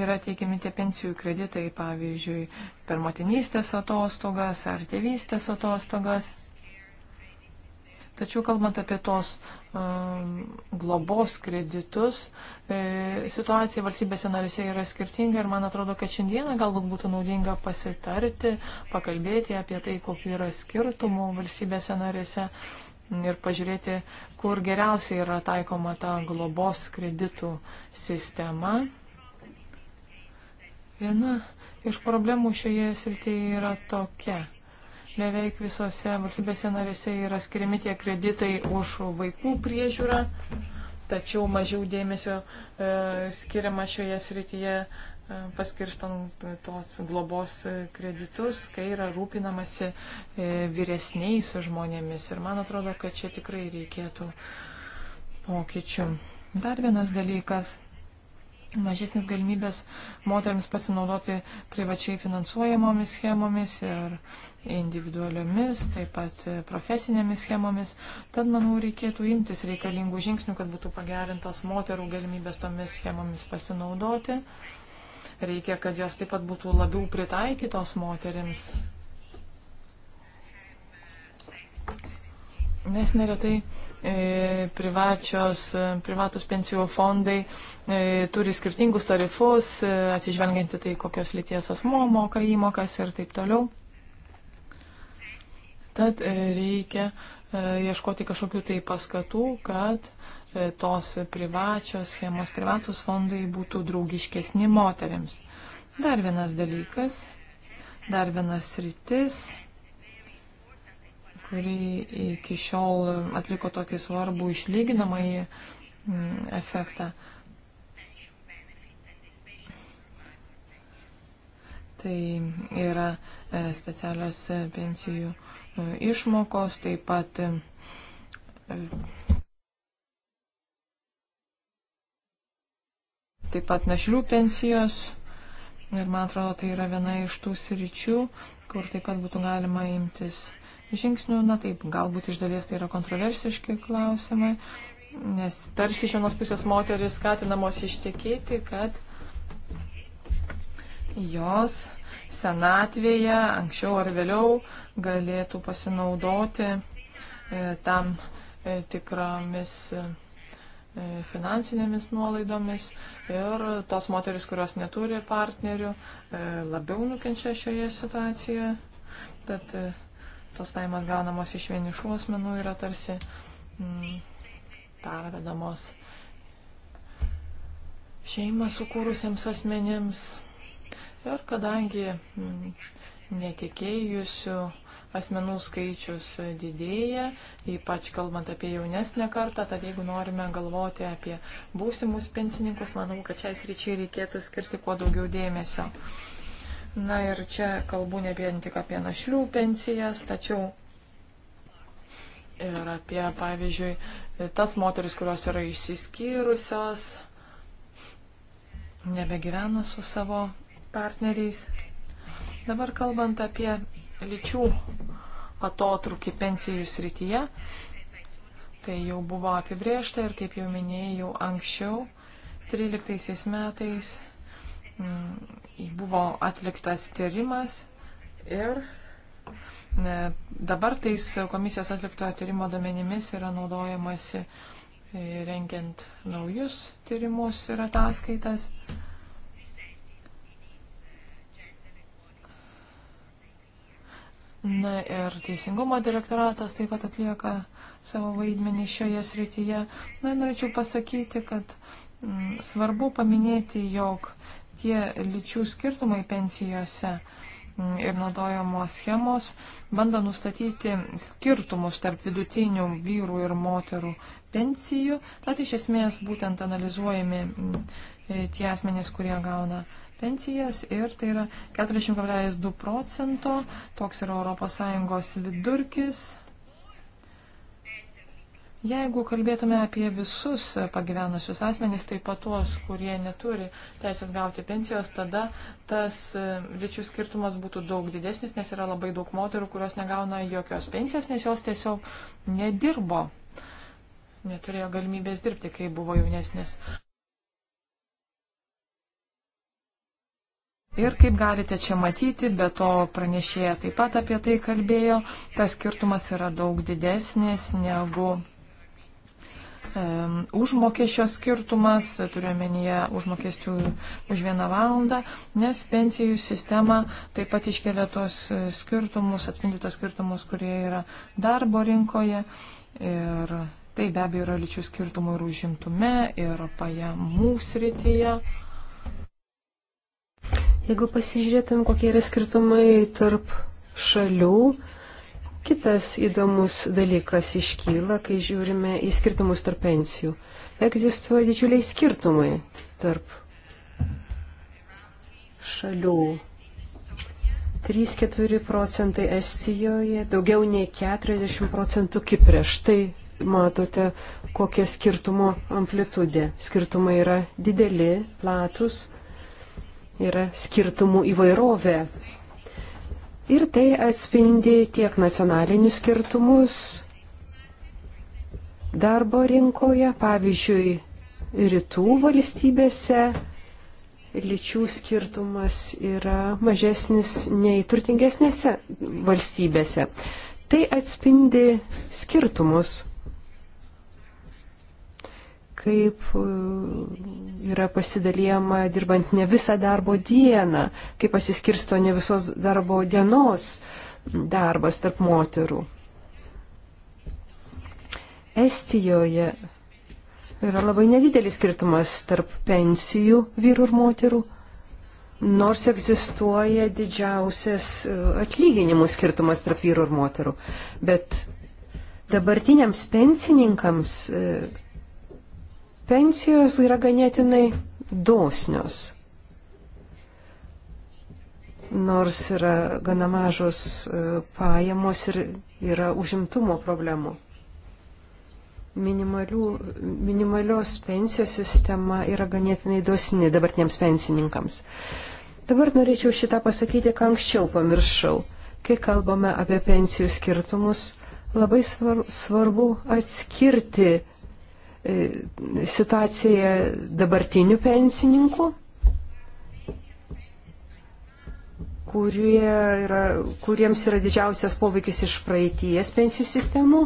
yra teikiami tie pensijų kreditai, pavyzdžiui, per motinystės atostogas ar tėvystės atostogas. Tačiau kalbant apie tos um, globos kreditus, e, situacija valstybėse narise yra skirtinga ir man atrodo, kad šiandieną galbūt būtų naudinga pasitarti, pakalbėti apie tai, kokiu yra skirtumų valstybėse narise ir pažiūrėti, kur geriausiai yra taikoma ta globos kreditų sistema. Viena iš problemų šioje srityje yra tokia Beveik visose valstybėse narėse yra skiriami tie kreditai už vaikų priežiūrą, tačiau mažiau dėmesio e, skiriama šioje srityje e, paskirstant tos globos kreditus, kai yra rūpinamasi e, vyresniais žmonėmis. Ir man atrodo, kad čia tikrai reikėtų pokyčių. Dar vienas dalykas mažesnės galimybės moteriams pasinaudoti privačiai finansuojamomis schemomis ir individualiomis, taip pat profesinėmis schemomis. Tad, manau, reikėtų imtis reikalingų žingsnių, kad būtų pagerintos moterų galimybės tomis schemomis pasinaudoti. Reikia, kad jos taip pat būtų labiau pritaikytos moteriams. Nes neretai E, privačios, e, privatus pensijų fondai e, turi skirtingus tarifus, atsižvelgianti tai, kokios lyties asmo moka įmokas ir taip toliau. Tad reikia ieškoti kažkokių tai paskatų, kad tos privačios schemos, privatus fondai būtų draugiškesni moteriams. Dar vienas dalykas, dar vienas rytis kuri iki šiol atliko tokį svarbų išlyginamąjį mm, efektą. Tai yra e, specialios pensijų e, išmokos, taip pat e, taip pat našlių pensijos. Ir man atrodo, tai yra viena iš tų sričių, kur taip pat būtų galima imtis žingsnių. Na taip, galbūt iš dalies tai yra kontroversiški klausimai, nes tarsi iš vienos pusės moteris skatinamos ištekėti, kad jos senatvėje anksčiau ar vėliau galėtų pasinaudoti e, tam e, tikromis e, finansinėmis nuolaidomis ir tos moteris, kurios neturi partnerių, e, labiau nukenčia šioje situacijoje. Tad e, tos pajamos gaunamos iš vienišų asmenų yra tarsi mm, pervedamos šeimą sukūrusiems asmenims. Ir kadangi mm, netikėjusių asmenų skaičius didėja, ypač kalbant apie jaunesnę kartą, tad jeigu norime galvoti apie būsimus pensininkus, manau, kad šiais ryčiai reikėtų skirti kuo daugiau dėmesio. Na ir čia kalbu ne vien tik apie našlių pensijas, tačiau ir apie, pavyzdžiui, tas moteris, kurios yra išsiskyrusios, nebegyvena su savo partneriais. Dabar kalbant apie lyčių atotrukį pensijų srityje, tai jau buvo apibriešta ir kaip jau minėjau anksčiau, 13 metais Mm, buvo atliktas tyrimas ir e, dabar tais komisijos atlikto tyrimo domenimis yra naudojamasi e, rengiant naujus tyrimus ir ataskaitas. Na ir Teisingumo direktoratas taip pat atlieka savo vaidmenį šioje srityje. Na, norėčiau pasakyti, kad m, mm, svarbu paminėti, jog tie lyčių skirtumai pensijose mm, ir naudojamos schemos bando nustatyti skirtumus tarp vidutinių vyrų ir moterų pensijų. Tad iš esmės būtent analizuojami mm, e, tie asmenys, kurie gauna pensijas ir tai yra 40,2 procento, toks yra ES vidurkis. Jeigu kalbėtume apie visus pagyvenusius asmenys, taip pat tuos, kurie neturi teisės gauti pensijos, tada tas e, lyčių skirtumas būtų daug didesnis, nes yra labai daug moterų, kurios negauna jokios pensijos, nes jos tiesiog nedirbo, neturėjo galimybės dirbti, kai buvo jaunesnės. Ir kaip galite čia matyti, be to pranešėja taip pat apie tai kalbėjo, tas skirtumas yra daug didesnis negu um, užmokesčio skirtumas, turiuomenyje užmokesčių už vieną valandą, nes pensijų sistema taip pat iškelia tos skirtumus, atspindi tos skirtumus, kurie yra darbo rinkoje. Ir tai be abejo yra lyčių skirtumų ir užimtume, ir pajamų srityje. Jeigu pasižiūrėtum, kokie yra skirtumai tarp šalių, Kitas įdomus dalykas iškyla, kai žiūrime į skirtumus tarp pensijų. Egzistuoja didžiuliai skirtumai tarp šalių. 3-4 procentai Estijoje, daugiau nei 40 procentų Kiprė. Štai matote, kokia skirtumo amplitudė. Skirtumai yra dideli, platus, yra skirtumų įvairovė Ir tai atspindi tiek nacionalinius skirtumus darbo rinkoje, pavyzdžiui, rytų valstybėse lyčių skirtumas yra mažesnis nei turtingesnėse valstybėse. Tai atspindi skirtumus kaip e, yra pasidalyjama dirbant ne visą darbo dieną, kaip pasiskirsto ne visos darbo dienos darbas tarp moterų. Estijoje yra labai nedidelis skirtumas tarp pensijų vyrų ir moterų, nors egzistuoja didžiausias e, atlyginimų skirtumas tarp vyrų ir moterų. Bet dabartiniams pensininkams e, Pensijos yra ganėtinai dosnios. Nors yra gana mažos e, pajamos ir yra užimtumo problemų minimalių, minimalios pensijos sistema yra ganėtinai dosni dabartiniams pensininkams. Dabar norėčiau šitą pasakyti, ką anksčiau pamiršau. Kai kalbame apie pensijų skirtumus, labai svarbu atskirti E, situacija dabartinių pensininkų, kurie yra, kuriems yra didžiausias poveikis iš praeities pensijų sistemų.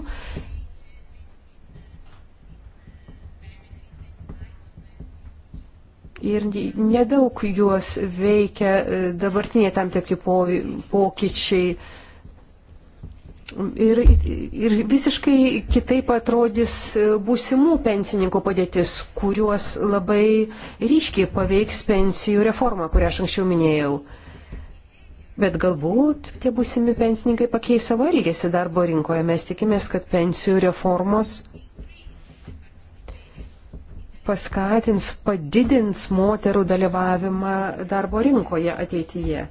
Ir nedaug juos veikia e, dabartiniai tam tikri pokyčiai. Po Ir, ir visiškai kitaip atrodys būsimų pensininkų padėtis, kuriuos labai ryškiai paveiks pensijų reforma, kurią aš anksčiau minėjau. Bet galbūt tie būsimi pensininkai pakeis savo elgesį darbo rinkoje. Mes tikimės, kad pensijų reformos paskatins, padidins moterų dalyvavimą darbo rinkoje ateityje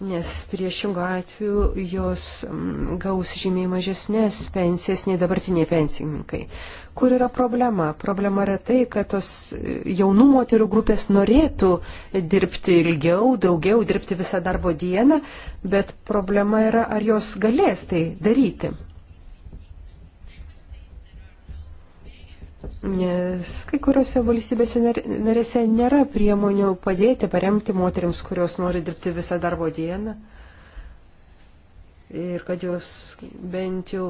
nes priešingo atveju jos mm, gaus žymiai mažesnės pensijas nei dabartiniai pensininkai. Kur yra problema? Problema yra tai, kad tos e, jaunų moterų grupės norėtų dirbti ilgiau, daugiau, dirbti visą darbo dieną, bet problema yra, ar jos galės tai daryti. nes kai kuriuose valstybėse narėse nėra priemonių padėti paremti moteriams, kurios nori dirbti visą darbo dieną. Ir kad jos bent jau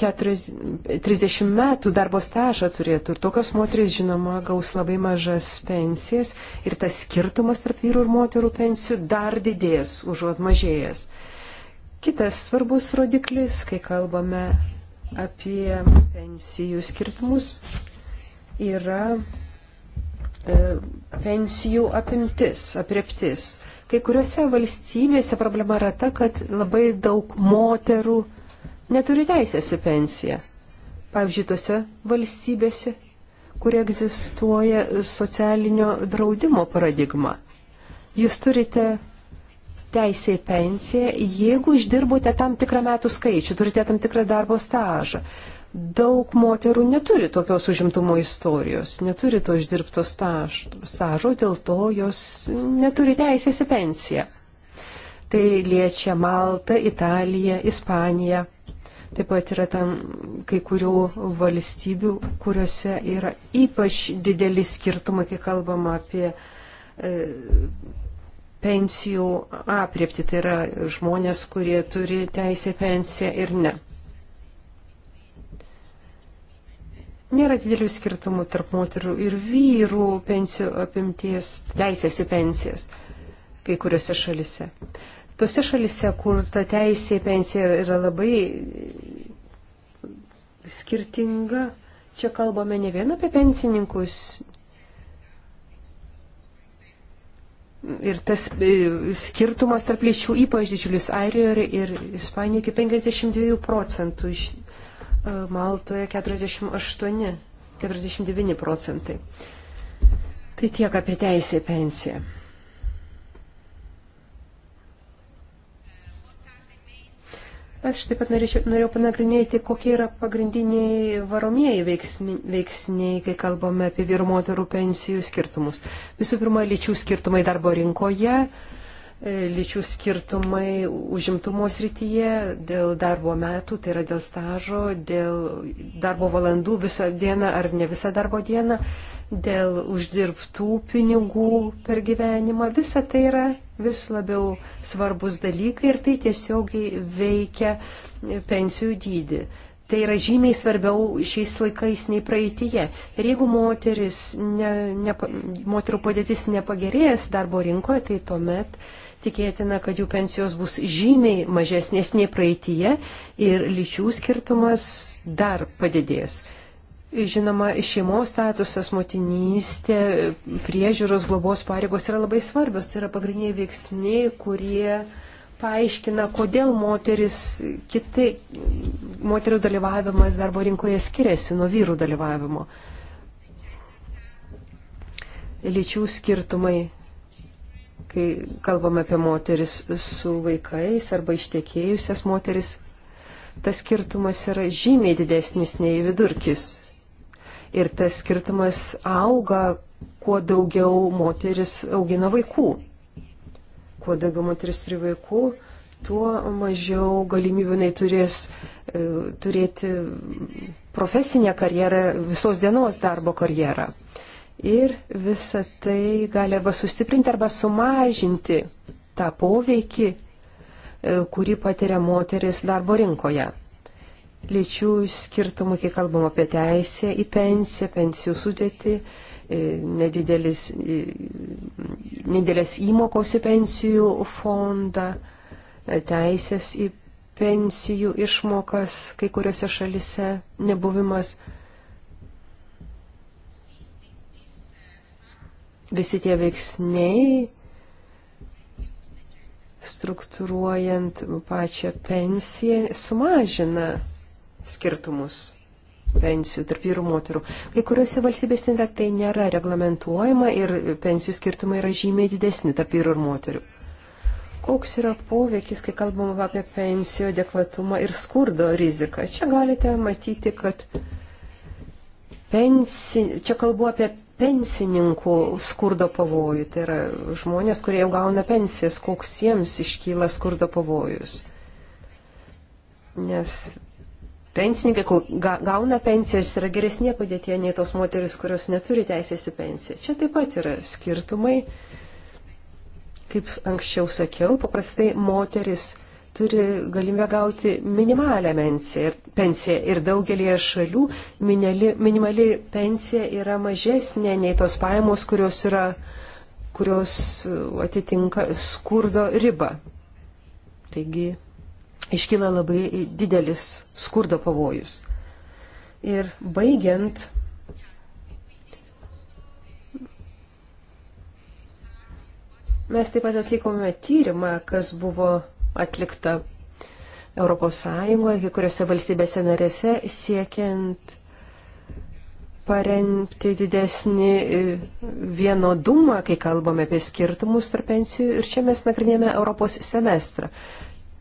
40, 30 metų darbo stažą turėtų. Ir tokios moteris, žinoma, gaus labai mažas pensijas. Ir tas skirtumas tarp vyrų ir moterų pensijų dar didės, užuot mažėjęs. Kitas svarbus rodiklis, kai kalbame apie pensijų skirtumus yra e, pensijų apimtis, apreptis. Kai kuriuose valstybėse problema yra ta, kad labai daug moterų neturi teisės į pensiją. Pavyzdžiui, tose valstybėse, kur egzistuoja socialinio draudimo paradigma. Jūs turite teisė į pensiją, jeigu išdirbote tam tikrą metų skaičių, turite tam tikrą darbo stažą. Daug moterų neturi tokios užimtumo istorijos, neturi to išdirbto staž, stažo, dėl to jos neturi teisės į pensiją. Tai liečia Maltą, Italiją, Ispaniją. Taip pat yra tam kai kurių valstybių, kuriuose yra ypač dideli skirtumai, kai kalbama apie e, pensijų apriepti, tai yra žmonės, kurie turi teisę pensiją ir ne. Nėra didelių skirtumų tarp moterų ir vyrų pensijų apimties teisės į pensijas kai kuriuose šalise. Tose šalise, kur ta teisė į pensiją yra labai skirtinga, čia kalbame ne vien apie pensininkus, Ir tas e, skirtumas tarp lyčių ypač didžiulis Airijoje ir Ispanijoje iki 52 procentų, e, Maltoje 48, 49 procentai. Tai tiek apie teisę į pensiją. Aš taip pat norėčiau, norėjau panagrinėti, kokie yra pagrindiniai varomieji veiksmi, veiksniai, kai kalbame apie vyrų moterų pensijų skirtumus. Visų pirma, lyčių skirtumai darbo rinkoje, e, lyčių skirtumai užimtumo srityje, dėl darbo metų, tai yra dėl stažo, dėl darbo valandų visą dieną ar ne visą darbo dieną, dėl uždirbtų pinigų per gyvenimą. Visa tai yra vis labiau svarbus dalykai ir tai tiesiogiai veikia pensijų dydį. Tai yra žymiai svarbiau šiais laikais nei praeitie. Ir jeigu moteris, ne, ne, moterų padėtis nepagerės darbo rinkoje, tai tuomet tikėtina, kad jų pensijos bus žymiai mažesnės nei praeitie ir lyčių skirtumas dar padidės. Žinoma, šeimos statusas, motinystė, priežiūros, globos pareigos yra labai svarbios. Tai yra pagrindiniai veiksniai, kurie paaiškina, kodėl moteris, kitai, moterių dalyvavimas darbo rinkoje skiriasi nuo vyrų dalyvavimo. Lyčių skirtumai, kai kalbame apie moteris su vaikais arba ištekėjusias moteris, tas skirtumas yra žymiai didesnis nei vidurkis ir tas skirtumas auga, kuo daugiau moteris augina vaikų. Kuo daugiau moteris turi vaikų, tuo mažiau galimybių jinai turės e, turėti profesinę karjerą, visos dienos darbo karjerą. Ir visa tai gali arba sustiprinti, arba sumažinti tą poveikį, e, kurį patiria moteris darbo rinkoje lyčių skirtumų, kai kalbam apie teisę į pensiją, pensijų sudėtį, e, nedidelis, e, nedidelės įmokos į pensijų fondą, e, teisės į pensijų išmokas kai kuriuose šalise nebuvimas. Visi tie veiksniai struktūruojant pačią pensiją sumažina skirtumus pensijų tarp vyrų moterų. Kai kuriuose valstybėse tai nėra reglamentuojama ir pensijų skirtumai yra žymiai didesni tarp vyrų ir moterių. Koks yra poveikis, kai kalbam apie pensijų adekvatumą ir skurdo riziką? Čia galite matyti, kad pensi... čia kalbu apie pensininkų skurdo pavojų. Tai yra žmonės, kurie jau gauna pensijas, koks jiems iškyla skurdo pavojus. Nes pensininkai, gauna pensijas, yra geresnė padėtė nei tos moteris, kurios neturi teisės į pensiją. Čia taip pat yra skirtumai. Kaip anksčiau sakiau, paprastai moteris turi galimybę gauti minimalią pensiją ir daugelie šalių minimali, minimali pensija yra mažesnė nei tos pajamos, kurios, yra, kurios uh, atitinka skurdo ribą. Taigi iškyla labai didelis skurdo pavojus. Ir baigiant, mes taip pat atlikome tyrimą, kas buvo atlikta Europos Sąjungoje, kai kuriuose valstybėse narėse, siekiant paremti didesnį e, vienodumą, kai kalbame apie skirtumus tarp pensijų. Ir čia mes nagrinėjame Europos semestrą.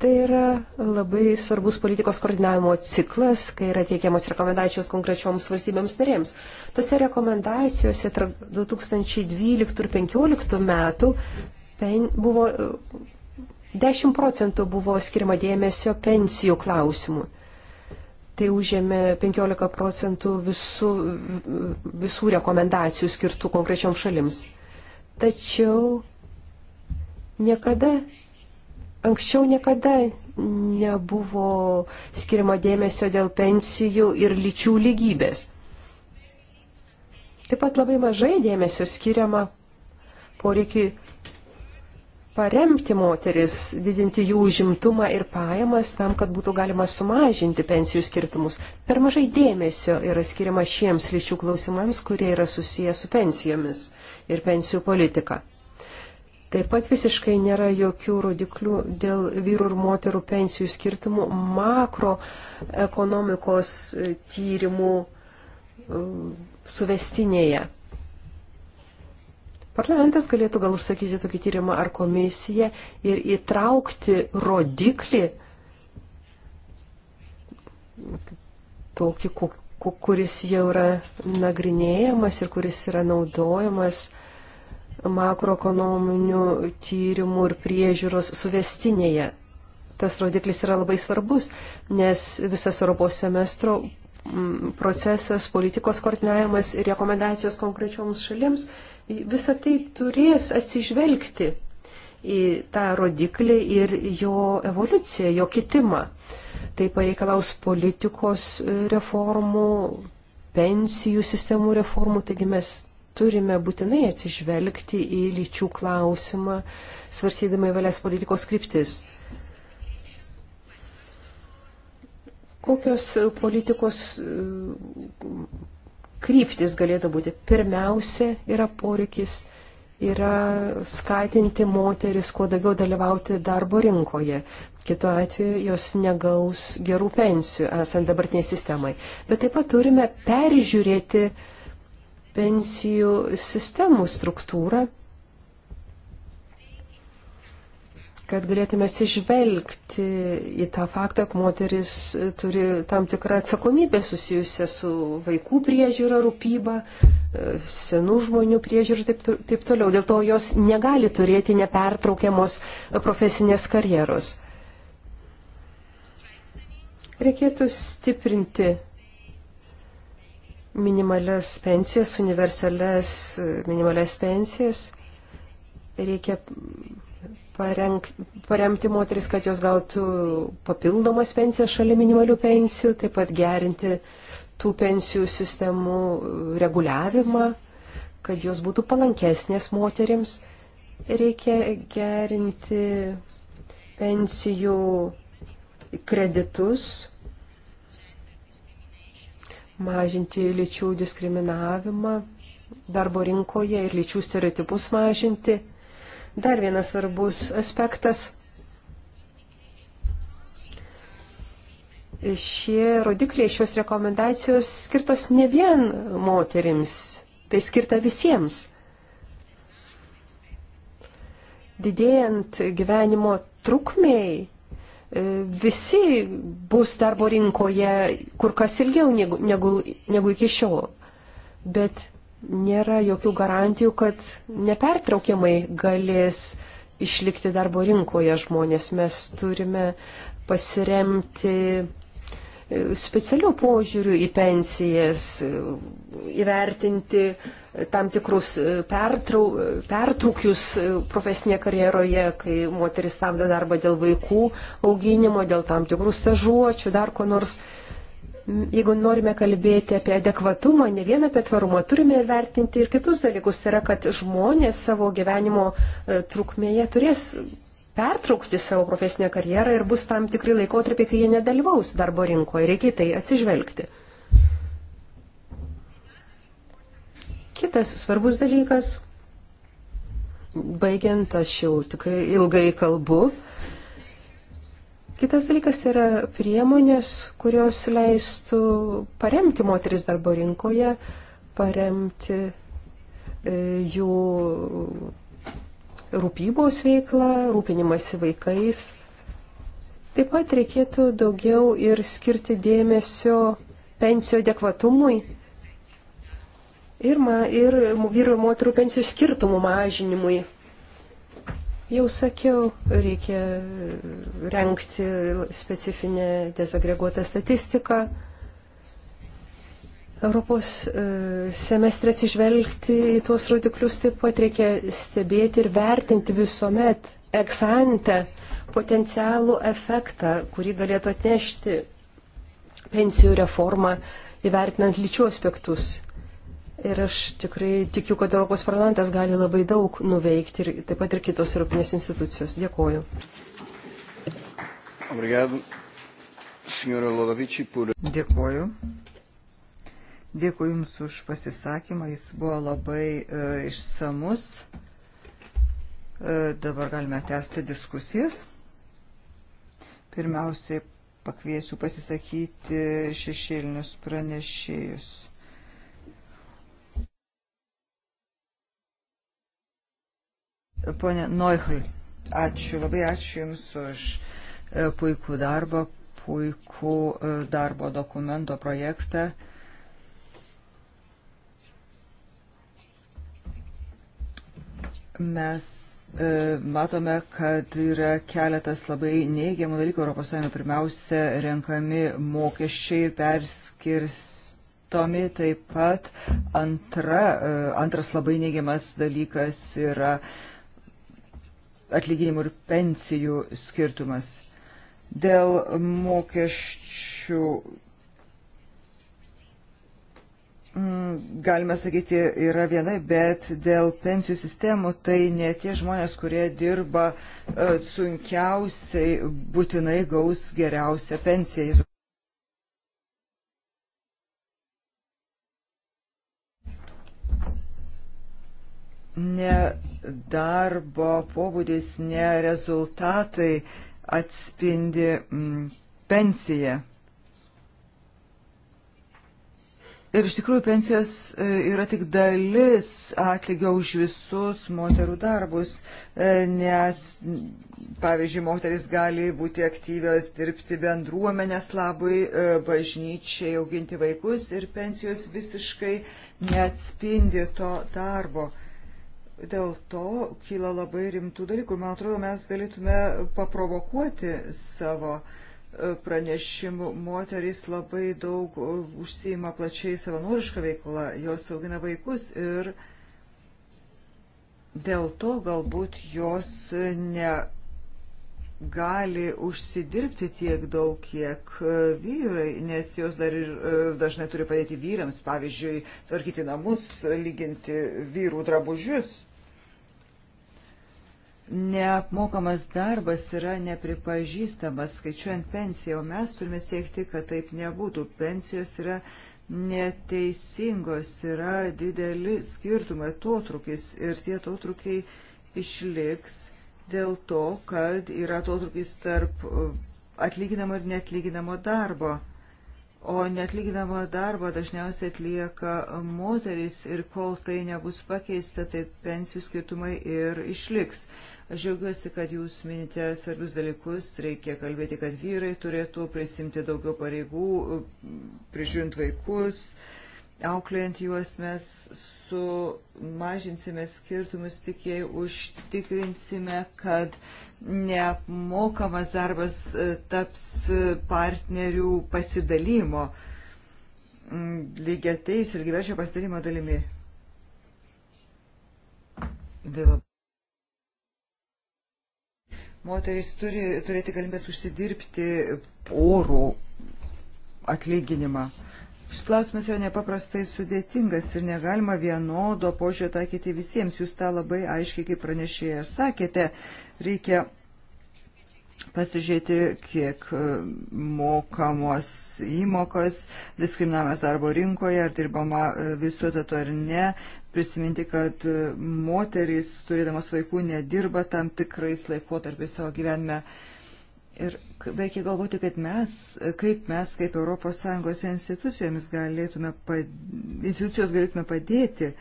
Tai yra labai svarbus politikos koordinavimo ciklas, kai yra teikiamas rekomendacijos konkrečioms valstybėms narėms. Tose rekomendacijose tarp 2012 ir 2015 metų pen, buvo 10 procentų buvo skirima dėmesio pensijų klausimų. Tai užėmė 15 procentų visų, visų rekomendacijų skirtų konkrečioms šalims. Tačiau niekada Anksčiau niekada nebuvo skirimo dėmesio dėl pensijų ir lyčių lygybės. Taip pat labai mažai dėmesio skiriama poreikiai paremti moteris, didinti jų užimtumą ir pajamas tam, kad būtų galima sumažinti pensijų skirtumus. Per mažai dėmesio yra skiriama šiems lyčių klausimams, kurie yra susiję su pensijomis ir pensijų politika. Taip pat visiškai nėra jokių rodiklių dėl vyrų ir moterų pensijų skirtumų makroekonomikos e, tyrimų e, suvestinėje. Parlamentas galėtų gal užsakyti tokį tyrimą ar komisiją ir įtraukti rodiklį, tokį, kuris jau yra nagrinėjamas ir kuris yra naudojamas makroekonominių tyrimų ir priežiūros suvestinėje. Tas rodiklis yra labai svarbus, nes visas Europos semestro mm, procesas, politikos koordinavimas ir rekomendacijos konkrečioms šalims, visa tai turės atsižvelgti į tą rodiklį ir jo evoliuciją, jo kitimą. Tai pareikalaus politikos e, reformų, pensijų sistemų reformų, taigi mes turime būtinai atsižvelgti į lyčių klausimą, svarsydami įvalės politikos kryptis. Kokios politikos e, kryptis galėtų būti? Pirmiausia yra poreikis yra skatinti moteris kuo daugiau dalyvauti darbo rinkoje. Kitu atveju jos negaus gerų pensijų esant dabartiniai sistemai. Bet taip pat turime peržiūrėti uh, pensijų sistemų struktūrą, kad galėtume sižvelgti į tą faktą, kad moteris turi tam tikrą atsakomybę susijusią su vaikų priežiūra, rūpyba, senų žmonių priežiūra ir taip, taip toliau. Dėl to jos negali turėti nepertraukiamos profesinės karjeros. Reikėtų stiprinti minimales pensijas, universales minimales pensijas. Reikia parenk, paremti moteris, kad jos gautų papildomas pensijas šalia minimalių pensijų, taip pat gerinti tų pensijų sistemų e, reguliavimą, kad jos būtų palankesnės moteriams. Reikia gerinti pensijų kreditus, mažinti lyčių diskriminavimą darbo rinkoje ir lyčių stereotipus mažinti. Dar vienas svarbus aspektas. Šie rodikliai, šios rekomendacijos skirtos ne vien moterims, tai skirta visiems. Didėjant gyvenimo trukmiai E, visi bus darbo rinkoje kur kas ilgiau negu, negu, negu iki šiol. Bet nėra jokių garantijų, kad nepertraukiamai galės išlikti darbo rinkoje žmonės. Mes turime pasiremti specialių požiūrių į pensijas, įvertinti tam tikrus e, pertrau, pertraukius e, profesinėje karjeroje, kai moteris stabdo darbą dėl vaikų auginimo, dėl tam tikrų stažuočių, dar ko nors. Jeigu norime kalbėti apie adekvatumą, ne vien apie tvarumą, turime vertinti ir kitus dalykus. Tai yra, kad žmonės savo gyvenimo e, trukmėje turės pertraukti savo profesinę karjerą ir bus tam tikri laikotarpiai, kai jie nedalyvaus darbo rinkoje. Reikia tai atsižvelgti. Kitas svarbus dalykas, baigiant, aš jau tikrai ilgai kalbu, Kitas dalykas yra priemonės, kurios leistų paremti moteris darbo rinkoje, paremti e, jų rūpybos veiklą, rūpinimąsi vaikais. Taip pat reikėtų daugiau ir skirti dėmesio pensijų adekvatumui ir, ma, ir vyru ir moterų pensijų skirtumų mažinimui. Jau sakiau, reikia renkti specifinę dezagreguotą statistiką Europos e, semestre atsižvelgti į tuos rodiklius taip pat reikia stebėti ir vertinti visuomet eksante potencialų efektą, kurį galėtų atnešti pensijų reforma įvertinant lyčių aspektus. Ir aš tikrai tikiu, kad Europos parlamentas gali labai daug nuveikti ir taip pat ir kitos Europinės institucijos. Dėkoju. Obrigado, Dėkoju. Dėkui Jums už pasisakymą, jis buvo labai e, išsamus. E, dabar galime tęsti diskusijas. Pirmiausiai pakviesiu pasisakyti šešėlinius pranešėjus. Pone Neuchl, ačiū, labai ačiū Jums už e, puikų darbą, puikų e, darbo dokumento projektą. Mes e, matome, kad yra keletas labai neigiamų dalykų ES. Pirmiausia, renkami mokesčiai ir perskirstomi. Taip pat antra, e, antras labai neigiamas dalykas yra atlyginimų ir pensijų skirtumas. Dėl mokesčių Mm, galime sakyti, yra viena, bet dėl pensijų sistemų tai ne tie žmonės, kurie dirba e, sunkiausiai, būtinai gaus geriausią pensiją. Ne darbo pobūdis, ne rezultatai atspindi mm, pensiją. Ir iš tikrųjų pensijos e, yra tik dalis atlygio už visus moterų darbus. E, Net, pavyzdžiui, moteris gali būti aktyvios dirbti bendruomenės labui, e, bažnyčiai, auginti vaikus ir pensijos visiškai neatspindi to darbo. Dėl to kyla labai rimtų dalykų. Man atrodo, mes galėtume paprovokuoti savo uh, pranešimų moterys labai daug e, užsijima plačiai savanorišką veiklą, jos augina vaikus ir dėl to galbūt jos negali užsidirbti tiek daug, kiek e, vyrai, nes jos dar ir e, dažnai turi padėti vyrams, pavyzdžiui, tvarkyti namus, lyginti vyrų drabužius neapmokamas darbas yra nepripažįstamas, skaičiuojant pensiją, o mes turime siekti, kad taip nebūtų. Pensijos yra neteisingos, yra dideli skirtumai, totrukis ir tie totrukiai išliks dėl to, kad yra totrukis tarp uh, atlyginamo ir netlyginamo darbo. O netlyginamą darbą dažniausiai atlieka moteris ir kol tai nebus pakeista, tai pensijų skirtumai ir išliks. Aš džiaugiuosi, kad jūs minite svarbius dalykus. Reikia kalbėti, kad vyrai turėtų prisimti daugiau pareigų, prižiūrint vaikus, auklėjant juos mes sumažinsime skirtumus, tik jei užtikrinsime, kad neapmokamas darbas e, taps e, partnerių pasidalymo, lygiateisų ir gyvenčio pasidalymo dalimi. Dėl Moterys turi turėti galimybės užsidirbti orų atlyginimą. Šis klausimas yra nepaprastai sudėtingas ir negalima vienodo požiūrio taikyti visiems. Jūs tą labai aiškiai, kaip pranešėjai ir sakėte, reikia pasižiūrėti, kiek e, mokamos įmokos, diskriminavimas darbo rinkoje, ar dirbama e, visų etatų ar ne, prisiminti, kad e, moterys, turėdamos vaikų, nedirba tam tikrais laikotarpiais savo gyvenime. Ir reikia galvoti, kad mes, kaip mes, kaip ES institucijomis galėtume, pad... institucijos galėtume padėti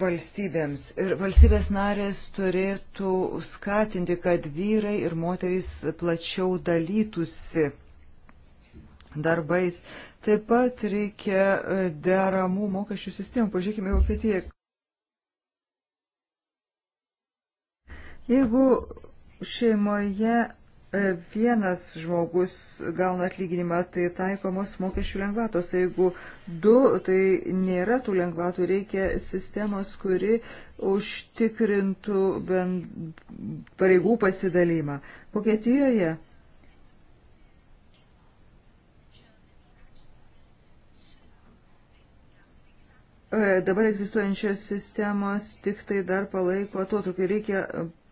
valstybėms. Ir valstybės narės turėtų skatinti, kad vyrai ir moterys plačiau dalytųsi darbais. Taip pat reikia e, deramų mokesčių sistemų. Pažiūrėkime į Vokietiją. Jeigu šeimoje E, vienas žmogus gauna atlyginimą, tai taikomos mokesčių lengvatos. Jeigu du, tai nėra tų lengvatų, reikia sistemos, kuri užtikrintų bent pareigų pasidalymą. Vokietijoje e, dabar egzistuojančios sistemos tik tai dar palaiko atotrukį. Reikia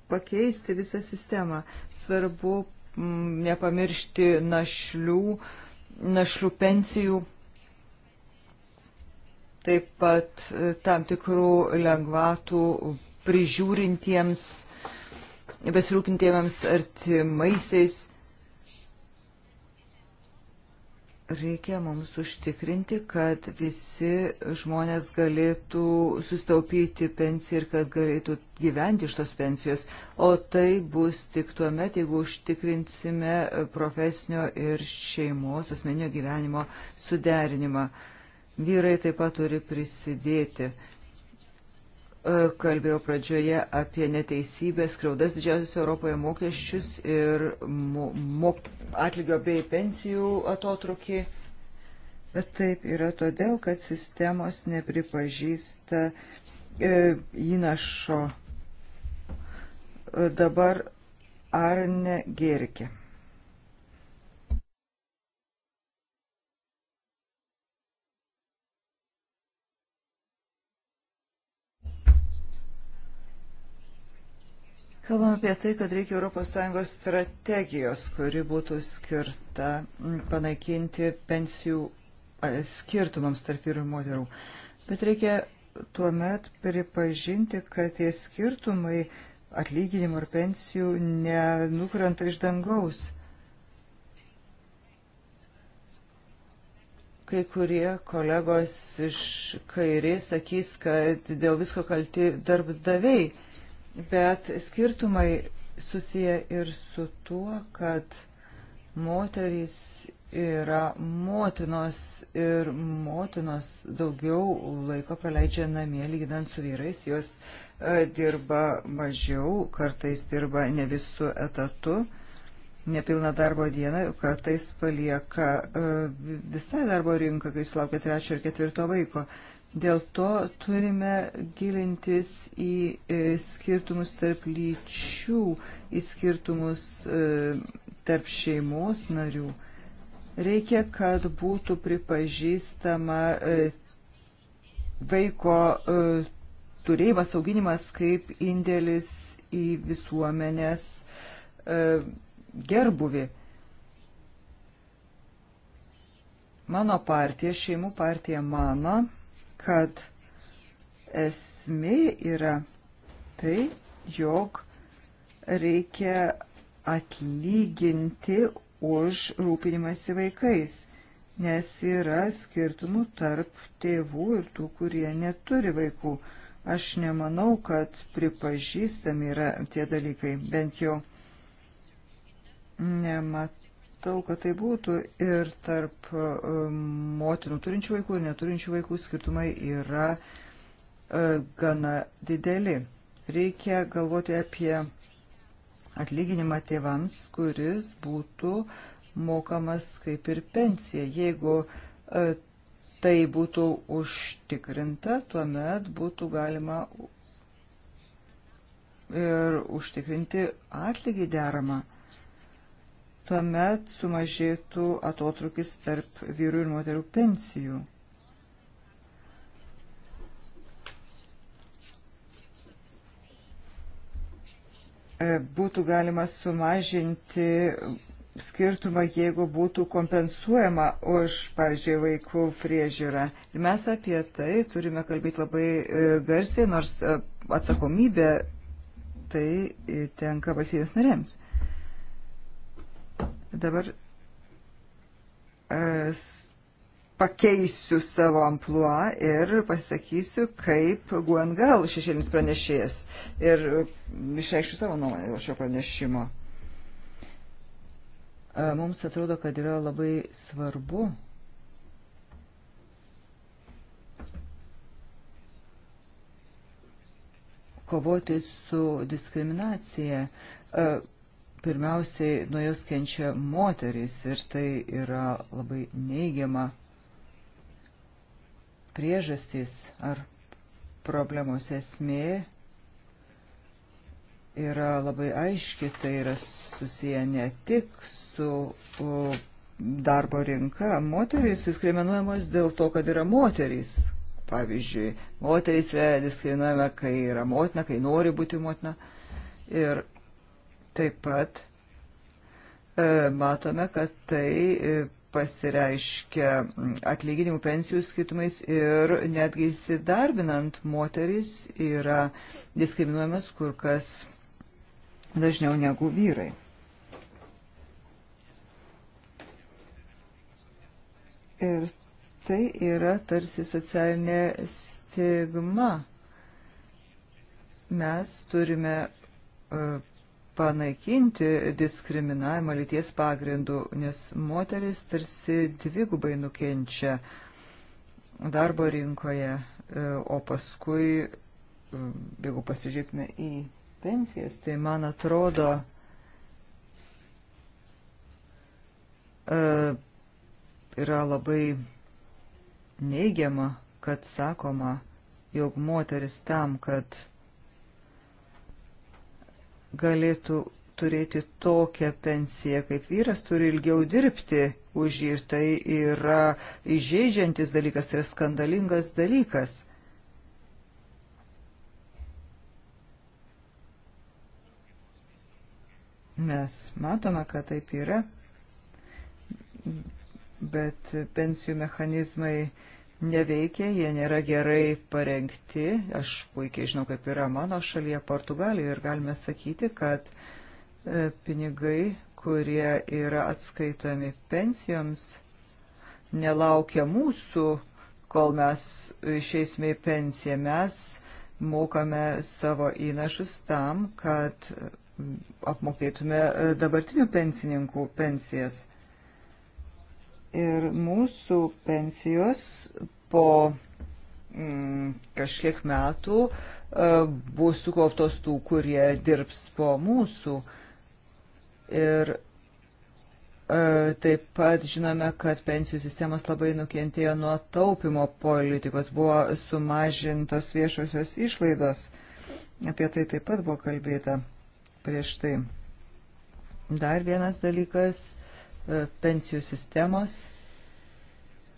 pakeisti visą sistemą. Svarbu m, mm, nepamiršti našlių, našlių pensijų, taip pat e, tam tikrų lengvatų prižiūrintiems, besirūpintiems artimaisiais Reikia mums užtikrinti, kad visi žmonės galėtų sustaupyti pensiją ir kad galėtų gyventi iš tos pensijos, o tai bus tik tuo met, jeigu užtikrinsime profesinio ir šeimos asmeninio gyvenimo suderinimą. Vyrai taip pat turi prisidėti. E, kalbėjau pradžioje apie neteisybės, skriaudas didžiausias Europoje mokesčius ir mo, mo, atlygio bei pensijų atotrukį. Bet taip yra todėl, kad sistemos nepripažįsta e, įnašo. E, dabar ar ne gerkė? Kalbam apie tai, kad reikia ES strategijos, kuri būtų skirta panaikinti pensijų skirtumams tarp vyrų ir moterų. Bet reikia tuomet pripažinti, kad tie skirtumai atlyginimų ir pensijų nenukrenta iš dangaus. kai kurie kolegos iš kairės sakys, kad dėl visko kalti darbdaviai bet skirtumai susiję ir su tuo, kad moterys yra motinos ir motinos daugiau laiko praleidžia namie lyginant su vyrais, jos e, dirba mažiau, kartais dirba ne visų etatų, nepilna darbo diena, kartais palieka e, visą darbo rinką, kai sulaukia trečio ir ketvirto vaiko. Dėl to turime gilintis į e, skirtumus tarp lyčių, į skirtumus e, tarp šeimos narių. Reikia, kad būtų pripažįstama e, vaiko turėjimas, auginimas kaip indėlis į visuomenės gerbuvi. Mano partija, šeimų partija mano, kad esmė yra tai, jog reikia atlyginti už rūpinimąsi vaikais, nes yra skirtumų tarp tėvų ir tų, kurie neturi vaikų. Aš nemanau, kad pripažįstami yra tie dalykai, bent jau nematau matau, kad tai būtų ir tarp um, motinų turinčių vaikų ir neturinčių vaikų skirtumai yra e, gana dideli. Reikia galvoti apie atlyginimą tėvams, kuris būtų mokamas kaip ir pensija. Jeigu e, tai būtų užtikrinta, tuomet būtų galima ir užtikrinti atlygį deramą tuomet sumažėtų atotrukis tarp vyrų ir moterų pensijų. E, būtų galima sumažinti skirtumą, jeigu būtų kompensuojama už, pavyzdžiui, vaikų priežiūrą. Ir mes apie tai turime kalbėti labai e, garsiai, nors e, atsakomybė tai tenka valstybės narėms. Dabar e, pakeisiu savo ampluą ir pasakysiu, kaip Guangal šešėlinis pranešėjas ir e, išreikščiu savo nuomonę dėl šio pranešimo. E, mums atrodo, kad yra labai svarbu kovoti su diskriminacija pirmiausiai nuo jos kenčia moterys ir tai yra labai neigiama priežastys ar problemos esmė yra labai aiški, tai yra susiję ne tik su darbo rinka. Moterys diskriminuojamos dėl to, kad yra moterys. Pavyzdžiui, moterys yra diskriminuojama, kai yra motina, kai nori būti motina. Ir Taip pat e, matome, kad tai e, pasireiškia atlyginimų pensijų skirtumais ir netgi įsidarbinant moteris yra diskriminuojamas kur kas dažniau negu vyrai. Ir tai yra tarsi socialinė stigma. Mes turime uh, panaikinti diskriminavimą lyties pagrindų, nes moteris tarsi dvigubai nukenčia darbo rinkoje, e, o paskui, e, jeigu pasižiūrėtume į pensijas, tai man atrodo, e, yra labai neigiama, kad sakoma, jog moteris tam, kad galėtų turėti tokią pensiją, kaip vyras turi ilgiau dirbti už jį ir tai yra įžeidžiantis dalykas, tai yra skandalingas dalykas. Mes matome, kad taip yra, bet pensijų mechanizmai neveikia, jie nėra gerai parengti. Aš puikiai žinau, kaip yra mano šalyje Portugalijoje ir galime sakyti, kad e, pinigai, kurie yra atskaitomi pensijoms, nelaukia mūsų, kol mes išeisime į pensiją. Mes mokame savo įnašus tam, kad apmokėtume e, dabartinių pensininkų pensijas. Ir mūsų pensijos po mm, kažkiek metų e, bus sukauptos tų, kurie dirbs po mūsų. Ir e, Taip pat žinome, kad pensijų sistemos labai nukentėjo nuo taupimo politikos, buvo sumažintos viešosios išlaidos. Apie tai taip pat buvo kalbėta prieš tai. Dar vienas dalykas E, pensijų sistemos.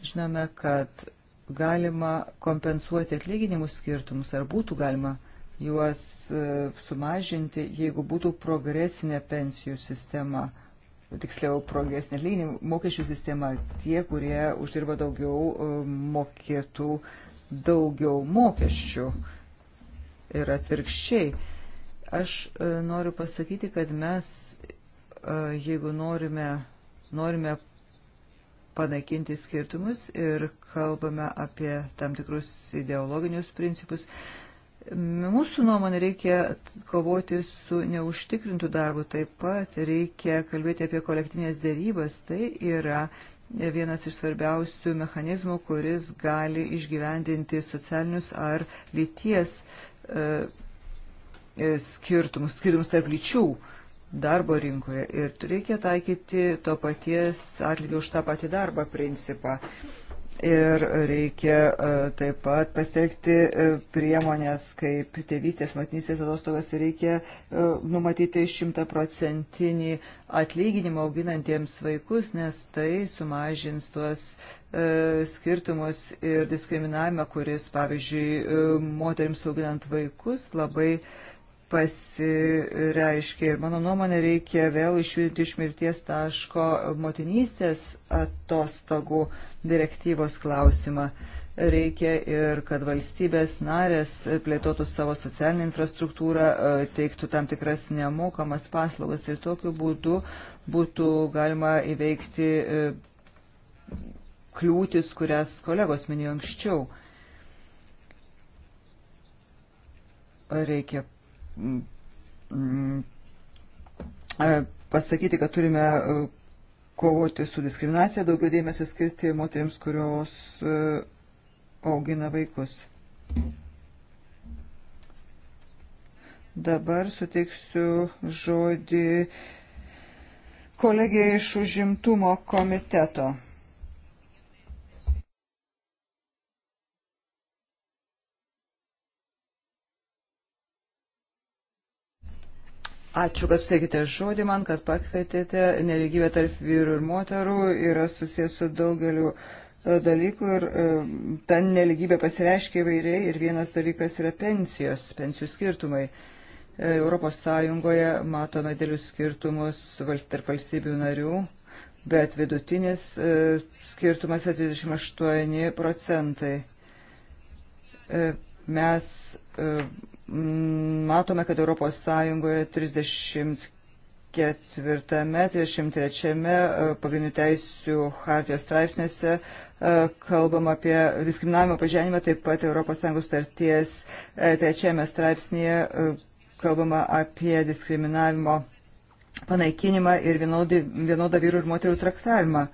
Žinome, kad galima kompensuoti atlyginimų skirtumus, ar būtų galima juos e, sumažinti, jeigu būtų progresinė pensijų sistema, tiksliau progresinė atlyginimų mokesčių sistema, tie, kurie uždirba daugiau, e, mokėtų daugiau mokesčių ir atvirkščiai. Aš noriu pasakyti, kad mes, jeigu norime norime panaikinti skirtumus ir kalbame apie tam tikrus ideologinius principus. Mūsų nuomonė reikia kovoti su neužtikrintų darbu, taip pat reikia kalbėti apie kolektyvinės dėrybas. Tai yra vienas iš svarbiausių mechanizmų, kuris gali išgyvendinti socialinius ar lyties e, e skirtumus, skirtumus tarp lyčių. E, darbo rinkoje ir reikia taikyti to paties atlygio už tą patį darbą principą. Ir reikia e, taip pat pasitelkti e, priemonės kaip tėvystės, motinystės atostogas ir reikia e, numatyti šimtaprocentinį atlyginimą auginantiems vaikus, nes tai sumažins tuos skirtumus ir diskriminavimą, kuris, pavyzdžiui, moteriams auginant vaikus labai uh, pasireiškia. Ir mano nuomonė, reikia vėl išjudinti iš mirties taško motinystės atostogų direktyvos klausimą. Reikia ir, kad valstybės narės plėtotų savo socialinę infrastruktūrą, e, teiktų tam tikras nemokamas paslaugas ir tokiu būdu būtų galima įveikti e, kliūtis, kurias kolegos minėjo anksčiau. Reikia Mm, mm, mm, pasakyti, kad turime e, kovoti su diskriminacija, daugiau dėmesio skirti moteriams, kurios e, augina vaikus. Dabar suteiksiu žodį kolegijai iš užimtumo komiteto. Ačiū, kad suteikite žodį man, kad pakvietėte. Neligybė tarp vyrų ir moterų yra susijęs su daugeliu e, dalykų ir e, ta neligybė pasireiškia įvairiai ir vienas dalykas yra pensijos, pensijų skirtumai. E, Europos Sąjungoje matome dėlius skirtumus tarp valstybių narių, bet vidutinis skirtumas yra 38 procentai. Mes matome, kad ES 34-33 e, pagrindinių teisių hartijos straipsnėse e, kalbam apie diskriminavimo pažinimą, taip pat ES starties e, trečiame straipsnėje kalbama apie diskriminavimo panaikinimą ir vienodą vyrų ir moterų traktavimą. Uh,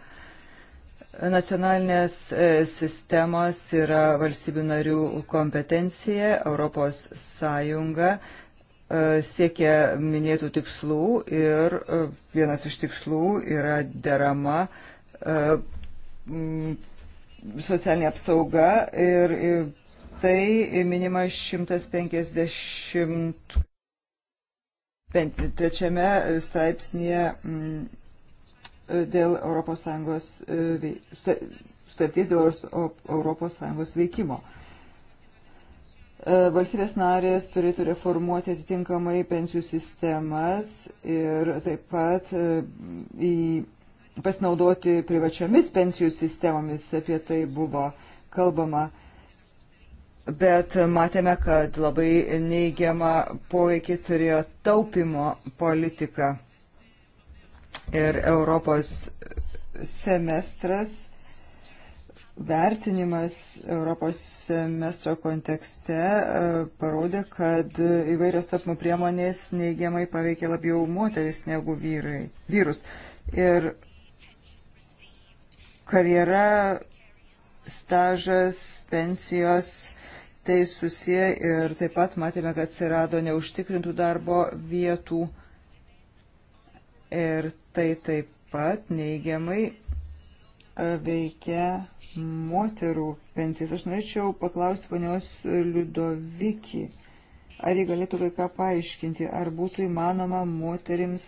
Nacionalinės e, sistemos yra valstybių narių kompetencija, Europos Sąjunga e, siekia minėtų tikslų ir e, vienas iš tikslų yra derama socialinė apsauga ir tai minima 150 trečiame straipsnėje dėl ES e, sutarties dėl ES veikimo. E, valstybės narės turėtų reformuoti atitinkamai pensijų sistemas ir taip pat e, į, pasinaudoti privačiomis pensijų sistemomis, apie tai buvo kalbama. Bet matėme, kad labai neigiamą poveikį turėjo taupimo politika ir Europos semestras vertinimas Europos semestro kontekste e, parodė, kad įvairios tapimo priemonės neigiamai paveikė labiau moteris negu vyrai, vyrus. Ir karjera, stažas, pensijos, tai susiję ir taip pat matėme, kad atsirado neužtikrintų darbo vietų. Ir Tai taip pat neigiamai e, veikia moterų pensijas. Aš norėčiau paklausti ponios Liudoviki, ar jį galėtų kai ką paaiškinti, ar būtų įmanoma moterims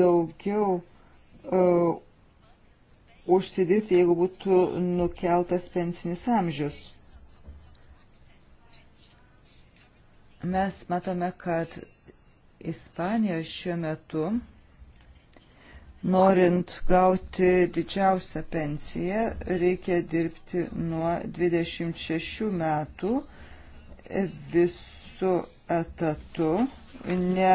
daugiau uh, užsidirbti, jeigu būtų nukeltas pensinis amžius. Mes matome, kad Ispanijoje šiuo metu Norint gauti didžiausią pensiją, reikia dirbti nuo 26 metų visų etatų, ne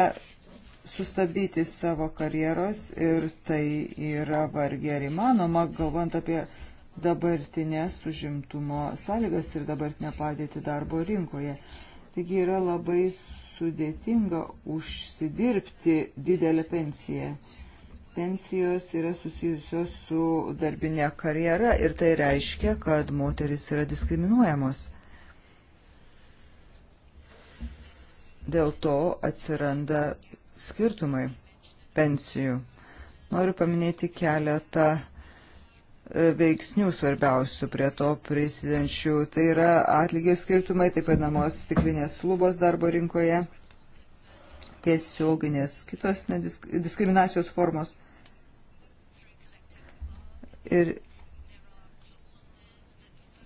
sustabdyti savo karjeros ir tai yra vargiai ar įmanoma, galvant apie dabartinės užimtumo sąlygas ir dabartinę padėtį darbo rinkoje. Taigi yra labai sudėtinga užsidirbti didelę pensiją pensijos yra susijusios su darbinė karjera ir tai reiškia, kad moteris yra diskriminuojamos. Dėl to atsiranda skirtumai pensijų. Noriu paminėti keletą e, veiksnių svarbiausių prie to prisidenčių. Tai yra atlygio skirtumai, taip pat namos stiklinės lubos darbo rinkoje tiesioginės, kitos ne, disk, diskriminacijos formos. Ir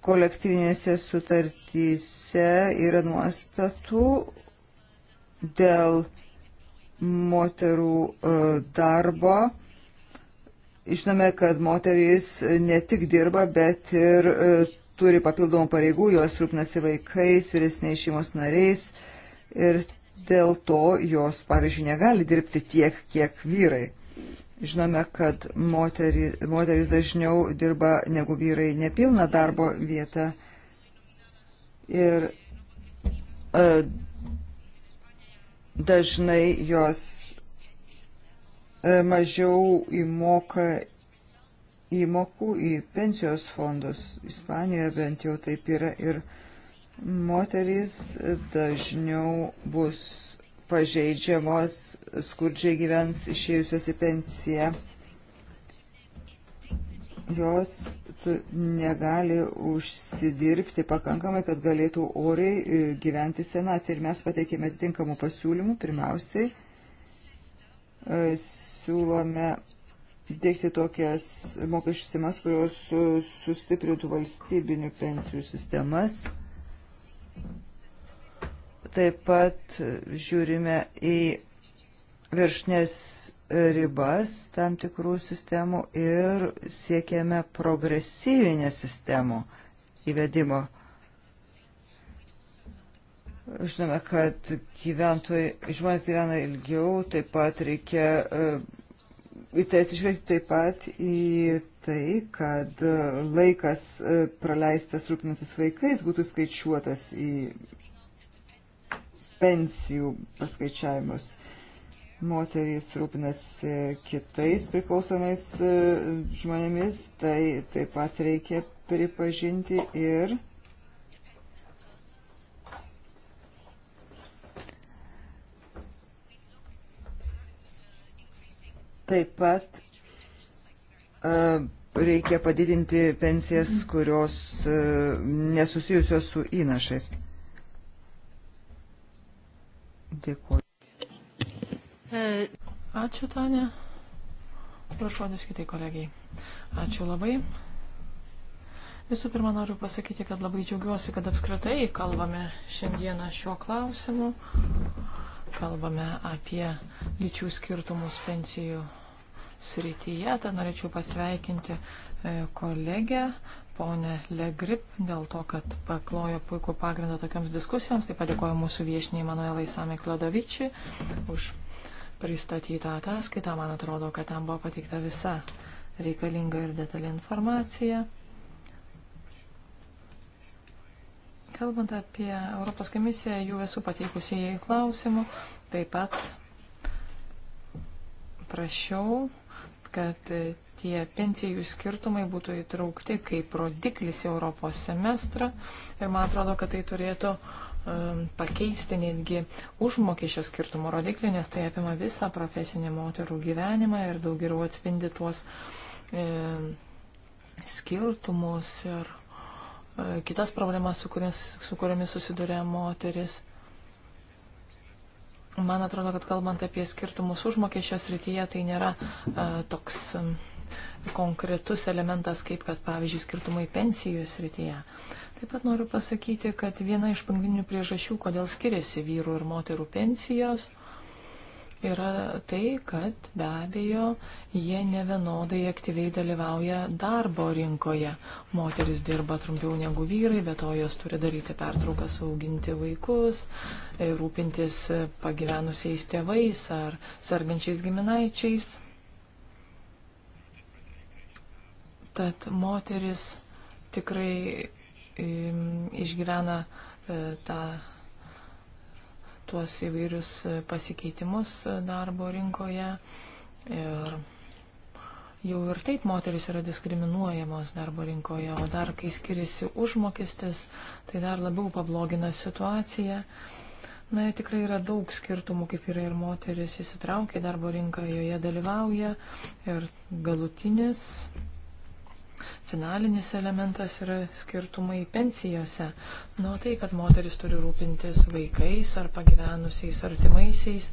kolektyvinėse sutartyse yra nuostatų dėl moterų e, darbo. Žinome, kad moterys ne tik dirba, bet ir e, turi papildomų pareigų, jos rūpnasi vaikais, vyresniais šeimos nariais ir dėl to jos, pavyzdžiui, negali dirbti tiek, kiek vyrai. Žinome, kad moteri, moteris dažniau dirba negu vyrai nepilna darbo vieta. Ir e, dažnai jos e, mažiau įmoka įmokų į pensijos fondus. Ispanijoje bent jau taip yra ir e, Moterys dažniau bus pažeidžiamos, skurdžiai gyvens išėjusios į pensiją. Jos negali užsidirbti pakankamai, kad galėtų oriai e, gyventi senatvį. Ir mes pateikėme atitinkamų pasiūlymų. Pirmiausiai e, siūlome dėkti tokias mokesčių sistemas, kurios sustiprintų valstybinių pensijų sistemas. Taip pat žiūrime į viršnės ribas tam tikrų sistemų ir siekiame progresyvinę sistemų įvedimo. Žinome, kad gyventojai, žmonės gyvena ilgiau, taip pat reikia e, į tai atsižvelgti taip pat į tai, kad e, laikas e, praleistas rūpinantis vaikais būtų skaičiuotas į pensijų paskaičiavimus. Moterys rūpinasi kitais priklausomais e, žmonėmis, tai taip pat reikia pripažinti ir taip pat reikia padidinti pensijas, kurios e, nesusijusios su įnašais. Dėkuoju. E, Ačiū, Tanė. Dabar žodis kitai kolegijai. Ačiū labai. Visų pirma, noriu pasakyti, kad labai džiaugiuosi, kad apskritai kalbame šiandieną šiuo klausimu. Kalbame apie lyčių skirtumus pensijų srityje. Tad norėčiau pasveikinti e, kolegę, ponę Legrip, dėl to, kad paklojo puikų pagrindą tokiams diskusijoms. Taip pat dėkoju mūsų viešiniai Manuelai Samė Klodovičiui už pristatytą ataskaitą. Man atrodo, kad tam buvo pateikta visa reikalinga ir detalė informacija. Kalbant apie Europos komisiją, jų esu pateikusi į klausimų. Taip pat prašiau kad tie pensijų skirtumai būtų įtraukti kaip rodiklis Europos semestrą ir man atrodo, kad tai turėtų um, pakeisti netgi užmokesčio skirtumo rodiklį, nes tai apima visą profesinį moterų gyvenimą ir daug geriau atspindi tuos e, skirtumus ir e, kitas problemas, su, kurias, su kuriamis susiduria moteris. Man atrodo, kad kalbant apie skirtumus užmokesčio srityje, tai nėra uh, toks um, konkretus elementas, kaip kad, pavyzdžiui, skirtumai pensijų srityje. Taip pat noriu pasakyti, kad viena iš pagrindinių priežasčių, kodėl skiriasi vyrų ir moterų pensijos, yra tai, kad be abejo jie nevienodai aktyviai dalyvauja darbo rinkoje. Moteris dirba trumpiau negu vyrai, bet to jos turi daryti pertraukas, auginti vaikus, e, rūpintis pagyvenusiais tėvais ar sergančiais giminaičiais. Tad moteris tikrai išgyvena e, tą tuos įvairius pasikeitimus darbo rinkoje. Ir jau ir taip moteris yra diskriminuojamos darbo rinkoje, o dar kai skiriasi užmokestis, tai dar labiau pablogina situaciją. Na, tikrai yra daug skirtumų, kaip yra ir moteris įsitraukia į darbo rinką, joje dalyvauja ir galutinis Finalinis elementas yra skirtumai pensijose. Nuo tai, kad moteris turi rūpintis vaikais ar pagyvenusiais artimaisiais,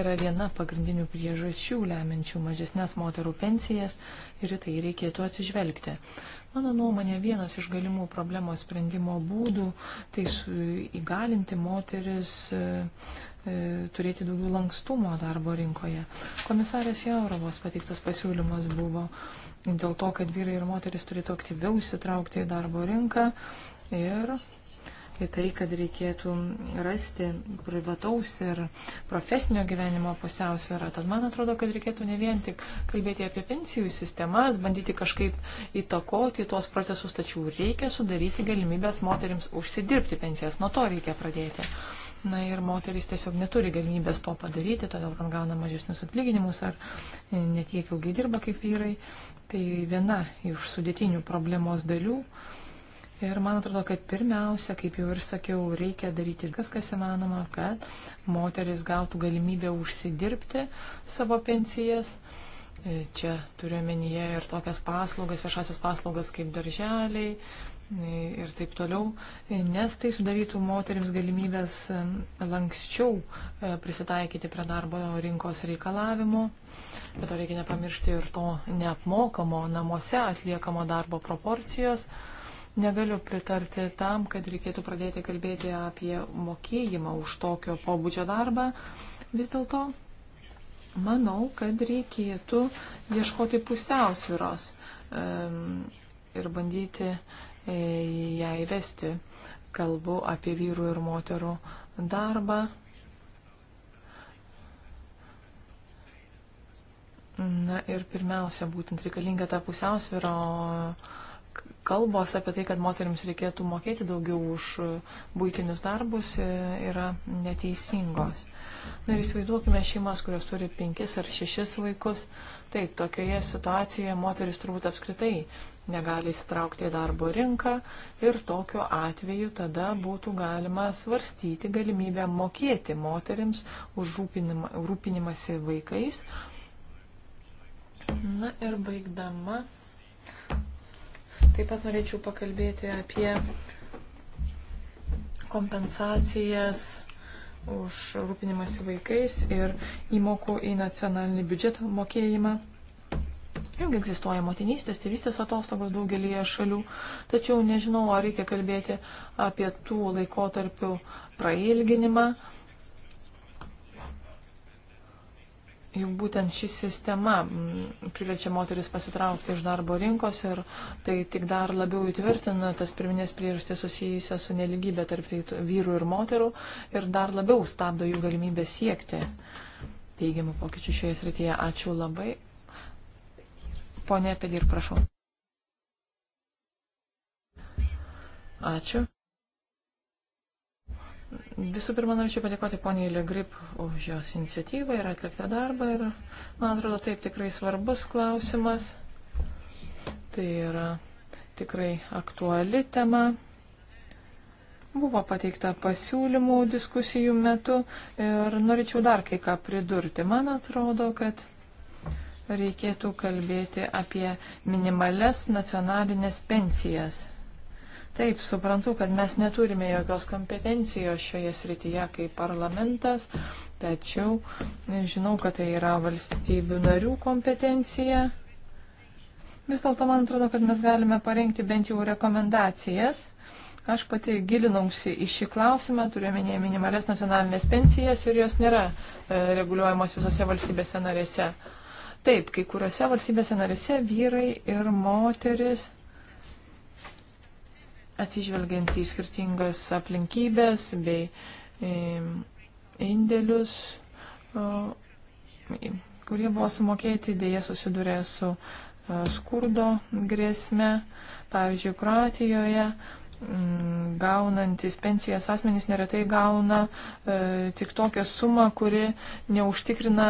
yra viena pagrindinių priežasčių lemiančių mažesnės moterų pensijas ir į tai reikėtų atsižvelgti. Mano nuomonė, vienas iš galimų problemos sprendimo būdų - tai įgalinti moteris e, e, turėti daugiau lankstumo darbo rinkoje. Komisarės Jaurovos pateiktas pasiūlymas buvo dėl to, kad vyrai ir moteris turėtų aktyviau įsitraukti į darbo rinką ir į tai, kad reikėtų rasti privataus ir profesinio gyvenimo pusiausvyrą. Tad man atrodo, kad reikėtų ne vien tik kalbėti apie pensijų sistemas, bandyti kažkaip įtakoti tuos procesus, tačiau reikia sudaryti galimybės moteriams užsidirbti pensijas. Nuo to reikia pradėti. Na ir moteris tiesiog neturi galimybės to padaryti, todėl kad gauna mažesnius atlyginimus ar netiek ilgai dirba kaip vyrai. Tai viena iš sudėtinių problemos dalių. Ir man atrodo, kad pirmiausia, kaip jau ir sakiau, reikia daryti viskas, kas įmanoma, kad moteris gautų galimybę užsidirbti savo pensijas. E, čia turiuomenyje ir tokias paslaugas, viešasias paslaugas kaip darželiai e, ir taip toliau, e, nes tai sudarytų moteriams galimybės lankščiau prisitaikyti prie darbo rinkos reikalavimų bet to reikia nepamiršti ir to neapmokamo namuose atliekamo darbo proporcijos. Negaliu pritarti tam, kad reikėtų pradėti kalbėti apie mokėjimą už tokio pobūdžio darbą. Vis dėlto manau, kad reikėtų ieškoti pusiausviros ir bandyti e, ją įvesti. Kalbu apie vyrų ir moterų darbą Na ir pirmiausia, būtent reikalinga ta pusiausvėra, kalbos apie tai, kad moteriams reikėtų mokėti daugiau už būtinius darbus, e, yra neteisingos. Na ir įsivaizduokime šeimas, kurios turi penkis ar šešis vaikus. Taip, tokioje situacijoje moteris turbūt apskritai negali įsitraukti į darbo rinką ir tokiu atveju tada būtų galima svarstyti galimybę mokėti moteriams už rūpinimą, rūpinimąsi vaikais Na ir baigdama, taip pat norėčiau pakalbėti apie kompensacijas už rūpinimąsi vaikais ir įmokų į nacionalinį biudžetą mokėjimą. Irgi egzistuoja motinystės, tėvystės atostogos daugelį šalių, tačiau nežinau, ar reikia kalbėti apie tų laikotarpių prailginimą, Juk būtent ši sistema mm, priverčia moteris pasitraukti iš darbo rinkos ir tai tik dar labiau įtvirtina tas pirminės priežastis susijusias su neligybė tarp vyrų ir moterų ir dar labiau stabdo jų galimybę siekti teigiamų pokyčių šioje srityje. Ačiū labai. Pone Pedir, prašau. Ačiū. Visų pirma, norėčiau padėkoti poniai Legrip už jos iniciatyvą ir atliktą darbą. Ir, man atrodo, taip tikrai svarbus klausimas. Tai yra tikrai aktuali tema. Buvo pateikta pasiūlymų diskusijų metu ir norėčiau dar kai ką pridurti. Man atrodo, kad reikėtų kalbėti apie minimales nacionalinės pensijas. Taip, suprantu, kad mes neturime jokios kompetencijos šioje srityje kaip parlamentas, tačiau žinau, kad tai yra valstybių narių kompetencija. Vis dėlto man atrodo, kad mes galime parengti bent jau rekomendacijas. Aš pati gilinausi į šį klausimą, turiuomenėje minimales nacionalinės pensijas ir jos nėra e, reguliuojamos visose valstybėse narėse. Taip, kai kuriuose valstybėse narėse vyrai ir moteris atsižvelgiant į skirtingas aplinkybės bei indėlius, kurie buvo sumokėti, dėje susidūrė su e, skurdo grėsme. Pavyzdžiui, Kroatijoje gaunantis pensijas asmenys neretai gauna e, tik tokią sumą, kuri neužtikrina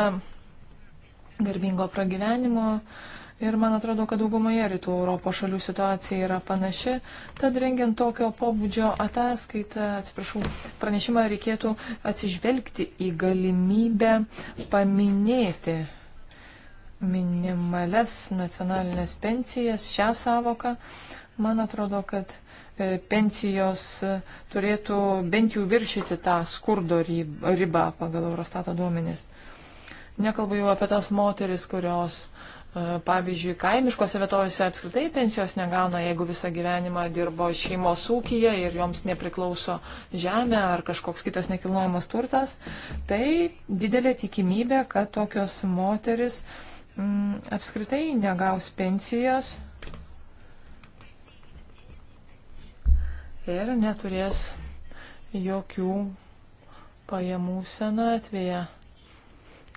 garbingo pragyvenimo. E, Ir man atrodo, kad daugumoje rytų Europos šalių situacija yra panaši. Tad rengiant tokio pobūdžio ataskaitą, atsiprašau, pranešimą reikėtų atsižvelgti į galimybę paminėti minimales nacionalinės pensijas, šią savoką. Man atrodo, kad e, pensijos e, turėtų bent jau viršyti tą skurdo ribą pagal Eurostato duomenis. Nekalbu jau apie tas moteris, kurios uh, E, pavyzdžiui, kaimiškose vietovėse apskritai pensijos negauna, jeigu visą gyvenimą dirbo šeimos ūkija ir joms nepriklauso žemė ar kažkoks kitas nekilnojamas turtas, tai didelė tikimybė, kad tokios moteris m, mm, apskritai negaus pensijos ir neturės jokių pajamų senatvėje.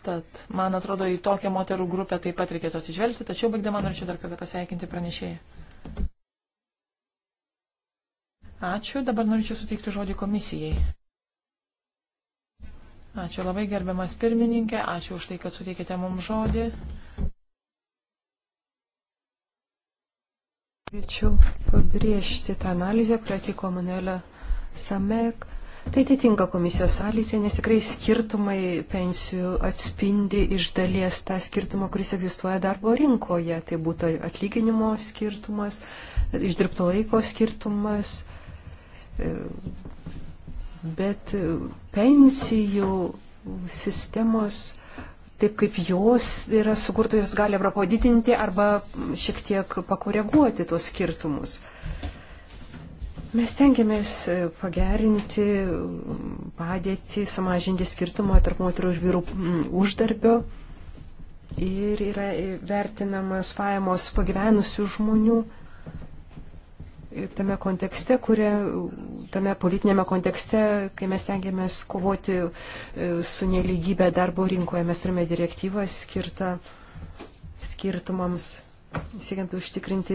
Tad, man atrodo, į tokią moterų grupę taip pat reikėtų atsižvelgti, tačiau baigdama norėčiau dar kartą pasveikinti pranešėją. Ačiū, dabar norėčiau suteikti žodį komisijai. Ačiū labai gerbiamas pirmininkė, ačiū už tai, kad suteikėte mums žodį. Norėčiau pabrėžti tą analizę, kurią atliko Manuelė Samek. Tai atitinka komisijos sąlyse, nes tikrai skirtumai pensijų atspindi iš dalies tą skirtumą, kuris egzistuoja darbo rinkoje. Tai būtų atlyginimo skirtumas, išdirbto laiko skirtumas, e, bet pensijų sistemos, taip kaip jos yra sukurtos, jos gali arba padidinti, arba šiek tiek pakoreguoti tuos skirtumus. Mes tengiamės e, pagerinti padėtį, sumažinti skirtumą tarp moterų ir vyrų uždarbio. Ir yra e, vertinamas pajamos pagyvenusių žmonių. Ir tame kontekste, kurie, tame politinėme kontekste, kai mes tengiamės kovoti e, su neligybė darbo rinkoje, mes turime direktyvą skirtą skirtumams siekiant užtikrinti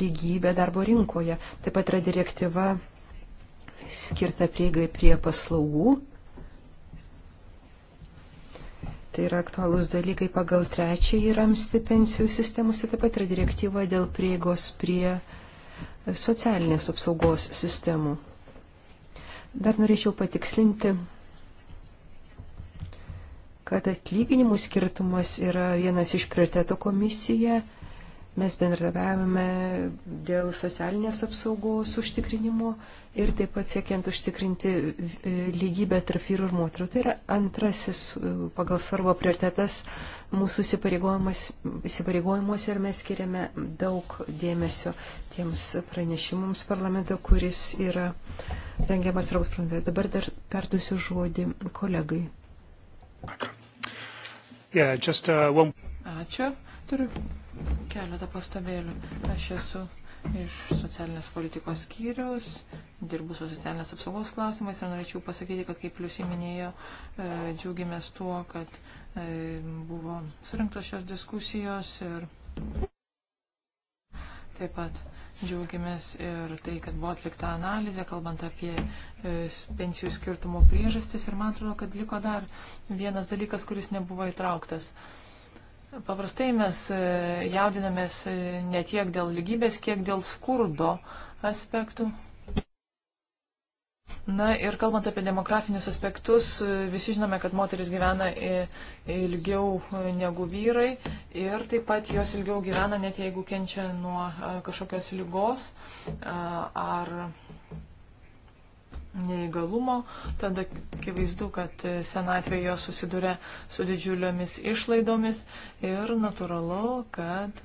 lygybę darbo rinkoje. Taip pat yra direktyva skirta prieigai prie paslaugų. Tai yra aktualūs dalykai pagal trečiąjį ramsti pensijų sistemus, taip pat yra direktyva dėl prieigos prie socialinės apsaugos sistemų. Dar norėčiau patikslinti, kad atlyginimų skirtumas yra vienas iš prioritetų komisija Mes bendradarbiavame dėl socialinės apsaugos užtikrinimo ir taip pat siekiant užtikrinti e, lygybę tarp vyrų ir moterų. Tai yra antrasis e, pagal svarbo prioritetas mūsų įsipareigojimuose ir mes skiriame daug dėmesio tiems pranešimams parlamento, kuris yra rengiamas rautprantė. Dabar dar perdusiu žodį kolegai. Yeah, just, uh, one... Ačiū. Turiu Keletą pastabėlių. Aš esu iš socialinės politikos skyrius, dirbu su socialinės apsaugos klausimais ir norėčiau pasakyti, kad kaip Liusi minėjo, e, džiaugiamės tuo, kad e, buvo surinktos šios diskusijos ir taip pat džiaugiamės ir tai, kad buvo atlikta analizė, kalbant apie e, pensijų skirtumo priežastis ir man atrodo, kad liko dar vienas dalykas, kuris nebuvo įtrauktas. Uh, Paprastai mes e, jaudinamės e, ne tiek dėl lygybės, kiek dėl skurdo aspektų. Na ir kalbant apie demografinius aspektus, e, visi žinome, kad moteris gyvena ilgiau negu vyrai ir taip pat jos ilgiau gyvena net jeigu kenčia nuo kažkokios lygos ar neįgalumo, tada akivaizdu, kad senatvėje jos susiduria su didžiuliomis išlaidomis ir natūralu, kad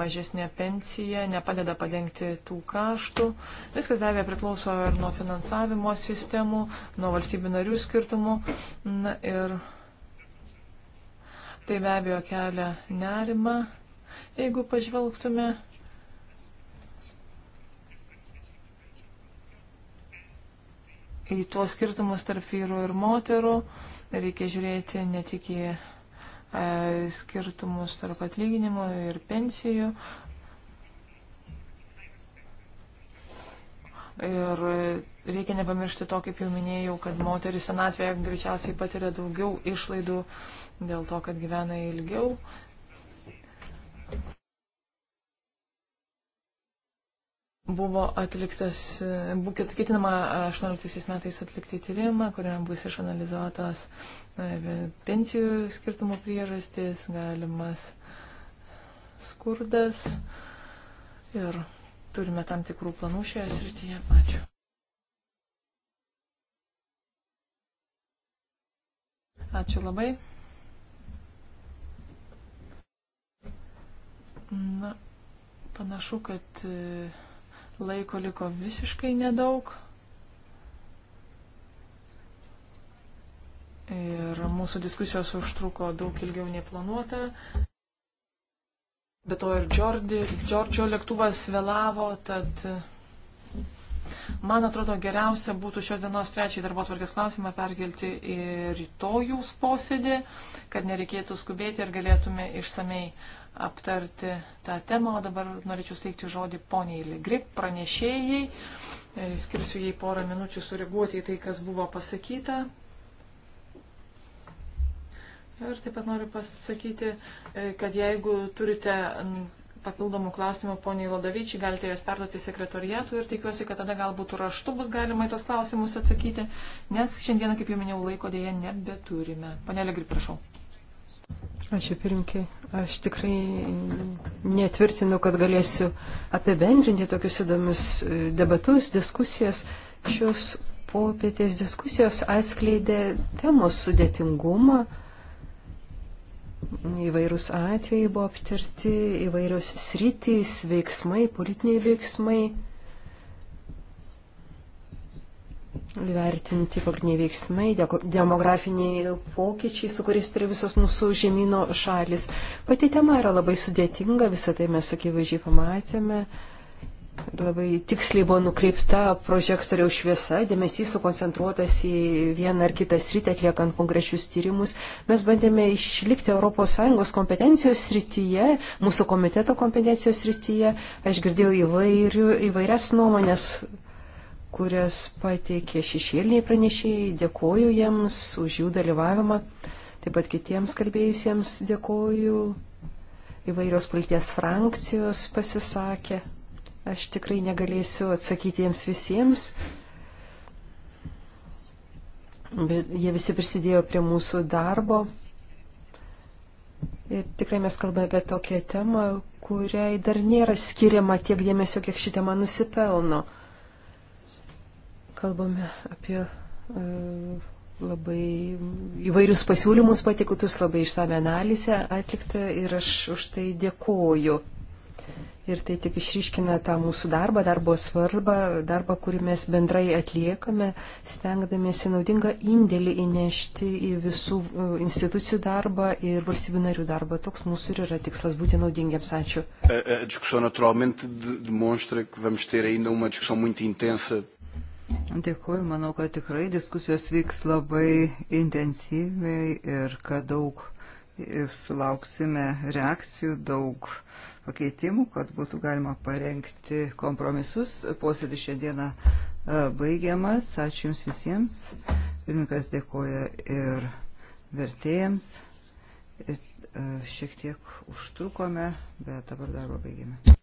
mažesnė pensija nepadeda padengti tų kaštų. Viskas be abejo priklauso ir nuo finansavimo sistemų, nuo valstybių narių skirtumų. Na, ir tai be abejo kelia nerimą, jeigu pažvelgtume į tuos skirtumus tarp vyrų ir moterų. Reikia žiūrėti ne tik į e, skirtumus tarp atlyginimų ir pensijų. Ir reikia nepamiršti to, kaip jau minėjau, kad moteris senatvėje greičiausiai patiria daugiau išlaidų dėl to, kad gyvena ilgiau. Buvo atliktas, ketinama 18 metais atlikti tyrimą, kuriam bus išanalizuotas pensijų skirtumo priežastis, galimas skurdas ir turime tam tikrų planų šioje srityje. Ačiū. Ačiū labai. Na, panašu, kad e, Laiko liko visiškai nedaug. Ir mūsų diskusijos užtruko daug ilgiau nei planuota. Be to ir Džordi, Džordžio lėktuvas vėlavo, tad man atrodo geriausia būtų šios dienos trečiai darbo tvarkės klausimą perkelti į rytojus posėdį, kad nereikėtų skubėti ir galėtume išsamei aptarti tą temą, o dabar norėčiau steigti žodį poniai Ligrip, pranešėjai. E, skirsiu jai porą minučių sureaguoti į tai, kas buvo pasakyta. Ir taip pat noriu pasakyti, e, kad jeigu turite papildomų klausimų poniai Lodavyčiai, galite juos perduoti sekretoriatui ir tikiuosi, kad tada galbūt raštu bus galima į tos klausimus atsakyti, nes šiandieną, kaip jau minėjau, laiko dėje nebeturime. Panelė Grip, prašau. Ačiū pirmkiai. Aš tikrai netvirtinu, kad galėsiu apibendrinti tokius įdomius e, debatus, diskusijas. Šios popietės diskusijos atskleidė temos sudėtingumą. Įvairūs atvejai buvo aptarti, įvairios sritys, veiksmai, politiniai veiksmai vertinti pagrindiniai veiksmai, demografiniai pokyčiai, su kuriais turi visos mūsų žemynų šalis. Pati tema yra labai sudėtinga, visą tai mes akivaizdžiai pamatėme. Labai tiksliai buvo nukreipta prožektoriaus šviesa, dėmesys sukoncentruotas į vieną ar kitą sritį atliekant konkrečius tyrimus. Mes bandėme išlikti ES kompetencijos srityje, mūsų komiteto kompetencijos srityje. Aš girdėjau įvairių, įvairias nuomonės kurias pateikė šešėliniai pranešėjai. Dėkoju jiems už jų dalyvavimą. Taip pat kitiems kalbėjusiems dėkoju. Įvairios polities frakcijos pasisakė. Aš tikrai negalėsiu atsakyti jiems visiems. Bet jie visi prisidėjo prie mūsų darbo. Ir tikrai mes kalbame apie tokią temą, kuriai dar nėra skiriama tiek dėmesio, kiek ši tema nusipelno kalbame apie e, labai įvairius pasiūlymus patikutus, labai išsame analizę atliktą ir aš už tai dėkoju. Ir tai tik išryškina tą mūsų darbą, darbo svarbą, darbą, kurį mes bendrai atliekame, stengdamėsi naudingą indėlį įnešti į visų e, institucijų darbą ir valstybių narių darbą. Toks mūsų ir yra tikslas būti naudingiems. Ačiū. A, a discussão naturalmente demonstra que vamos ter ainda uma discussão muito intensa Dėkuoju, manau, kad tikrai diskusijos vyks labai intensyviai ir kad daug sulauksime reakcijų, daug pakeitimų, kad būtų galima parengti kompromisus. Posėdis šiandieną e, baigiamas. Ačiū Jums visiems. Pirmininkas dėkoja ir vertėjams. Ir e, šiek tiek užtrukome, bet dabar darbą baigėme.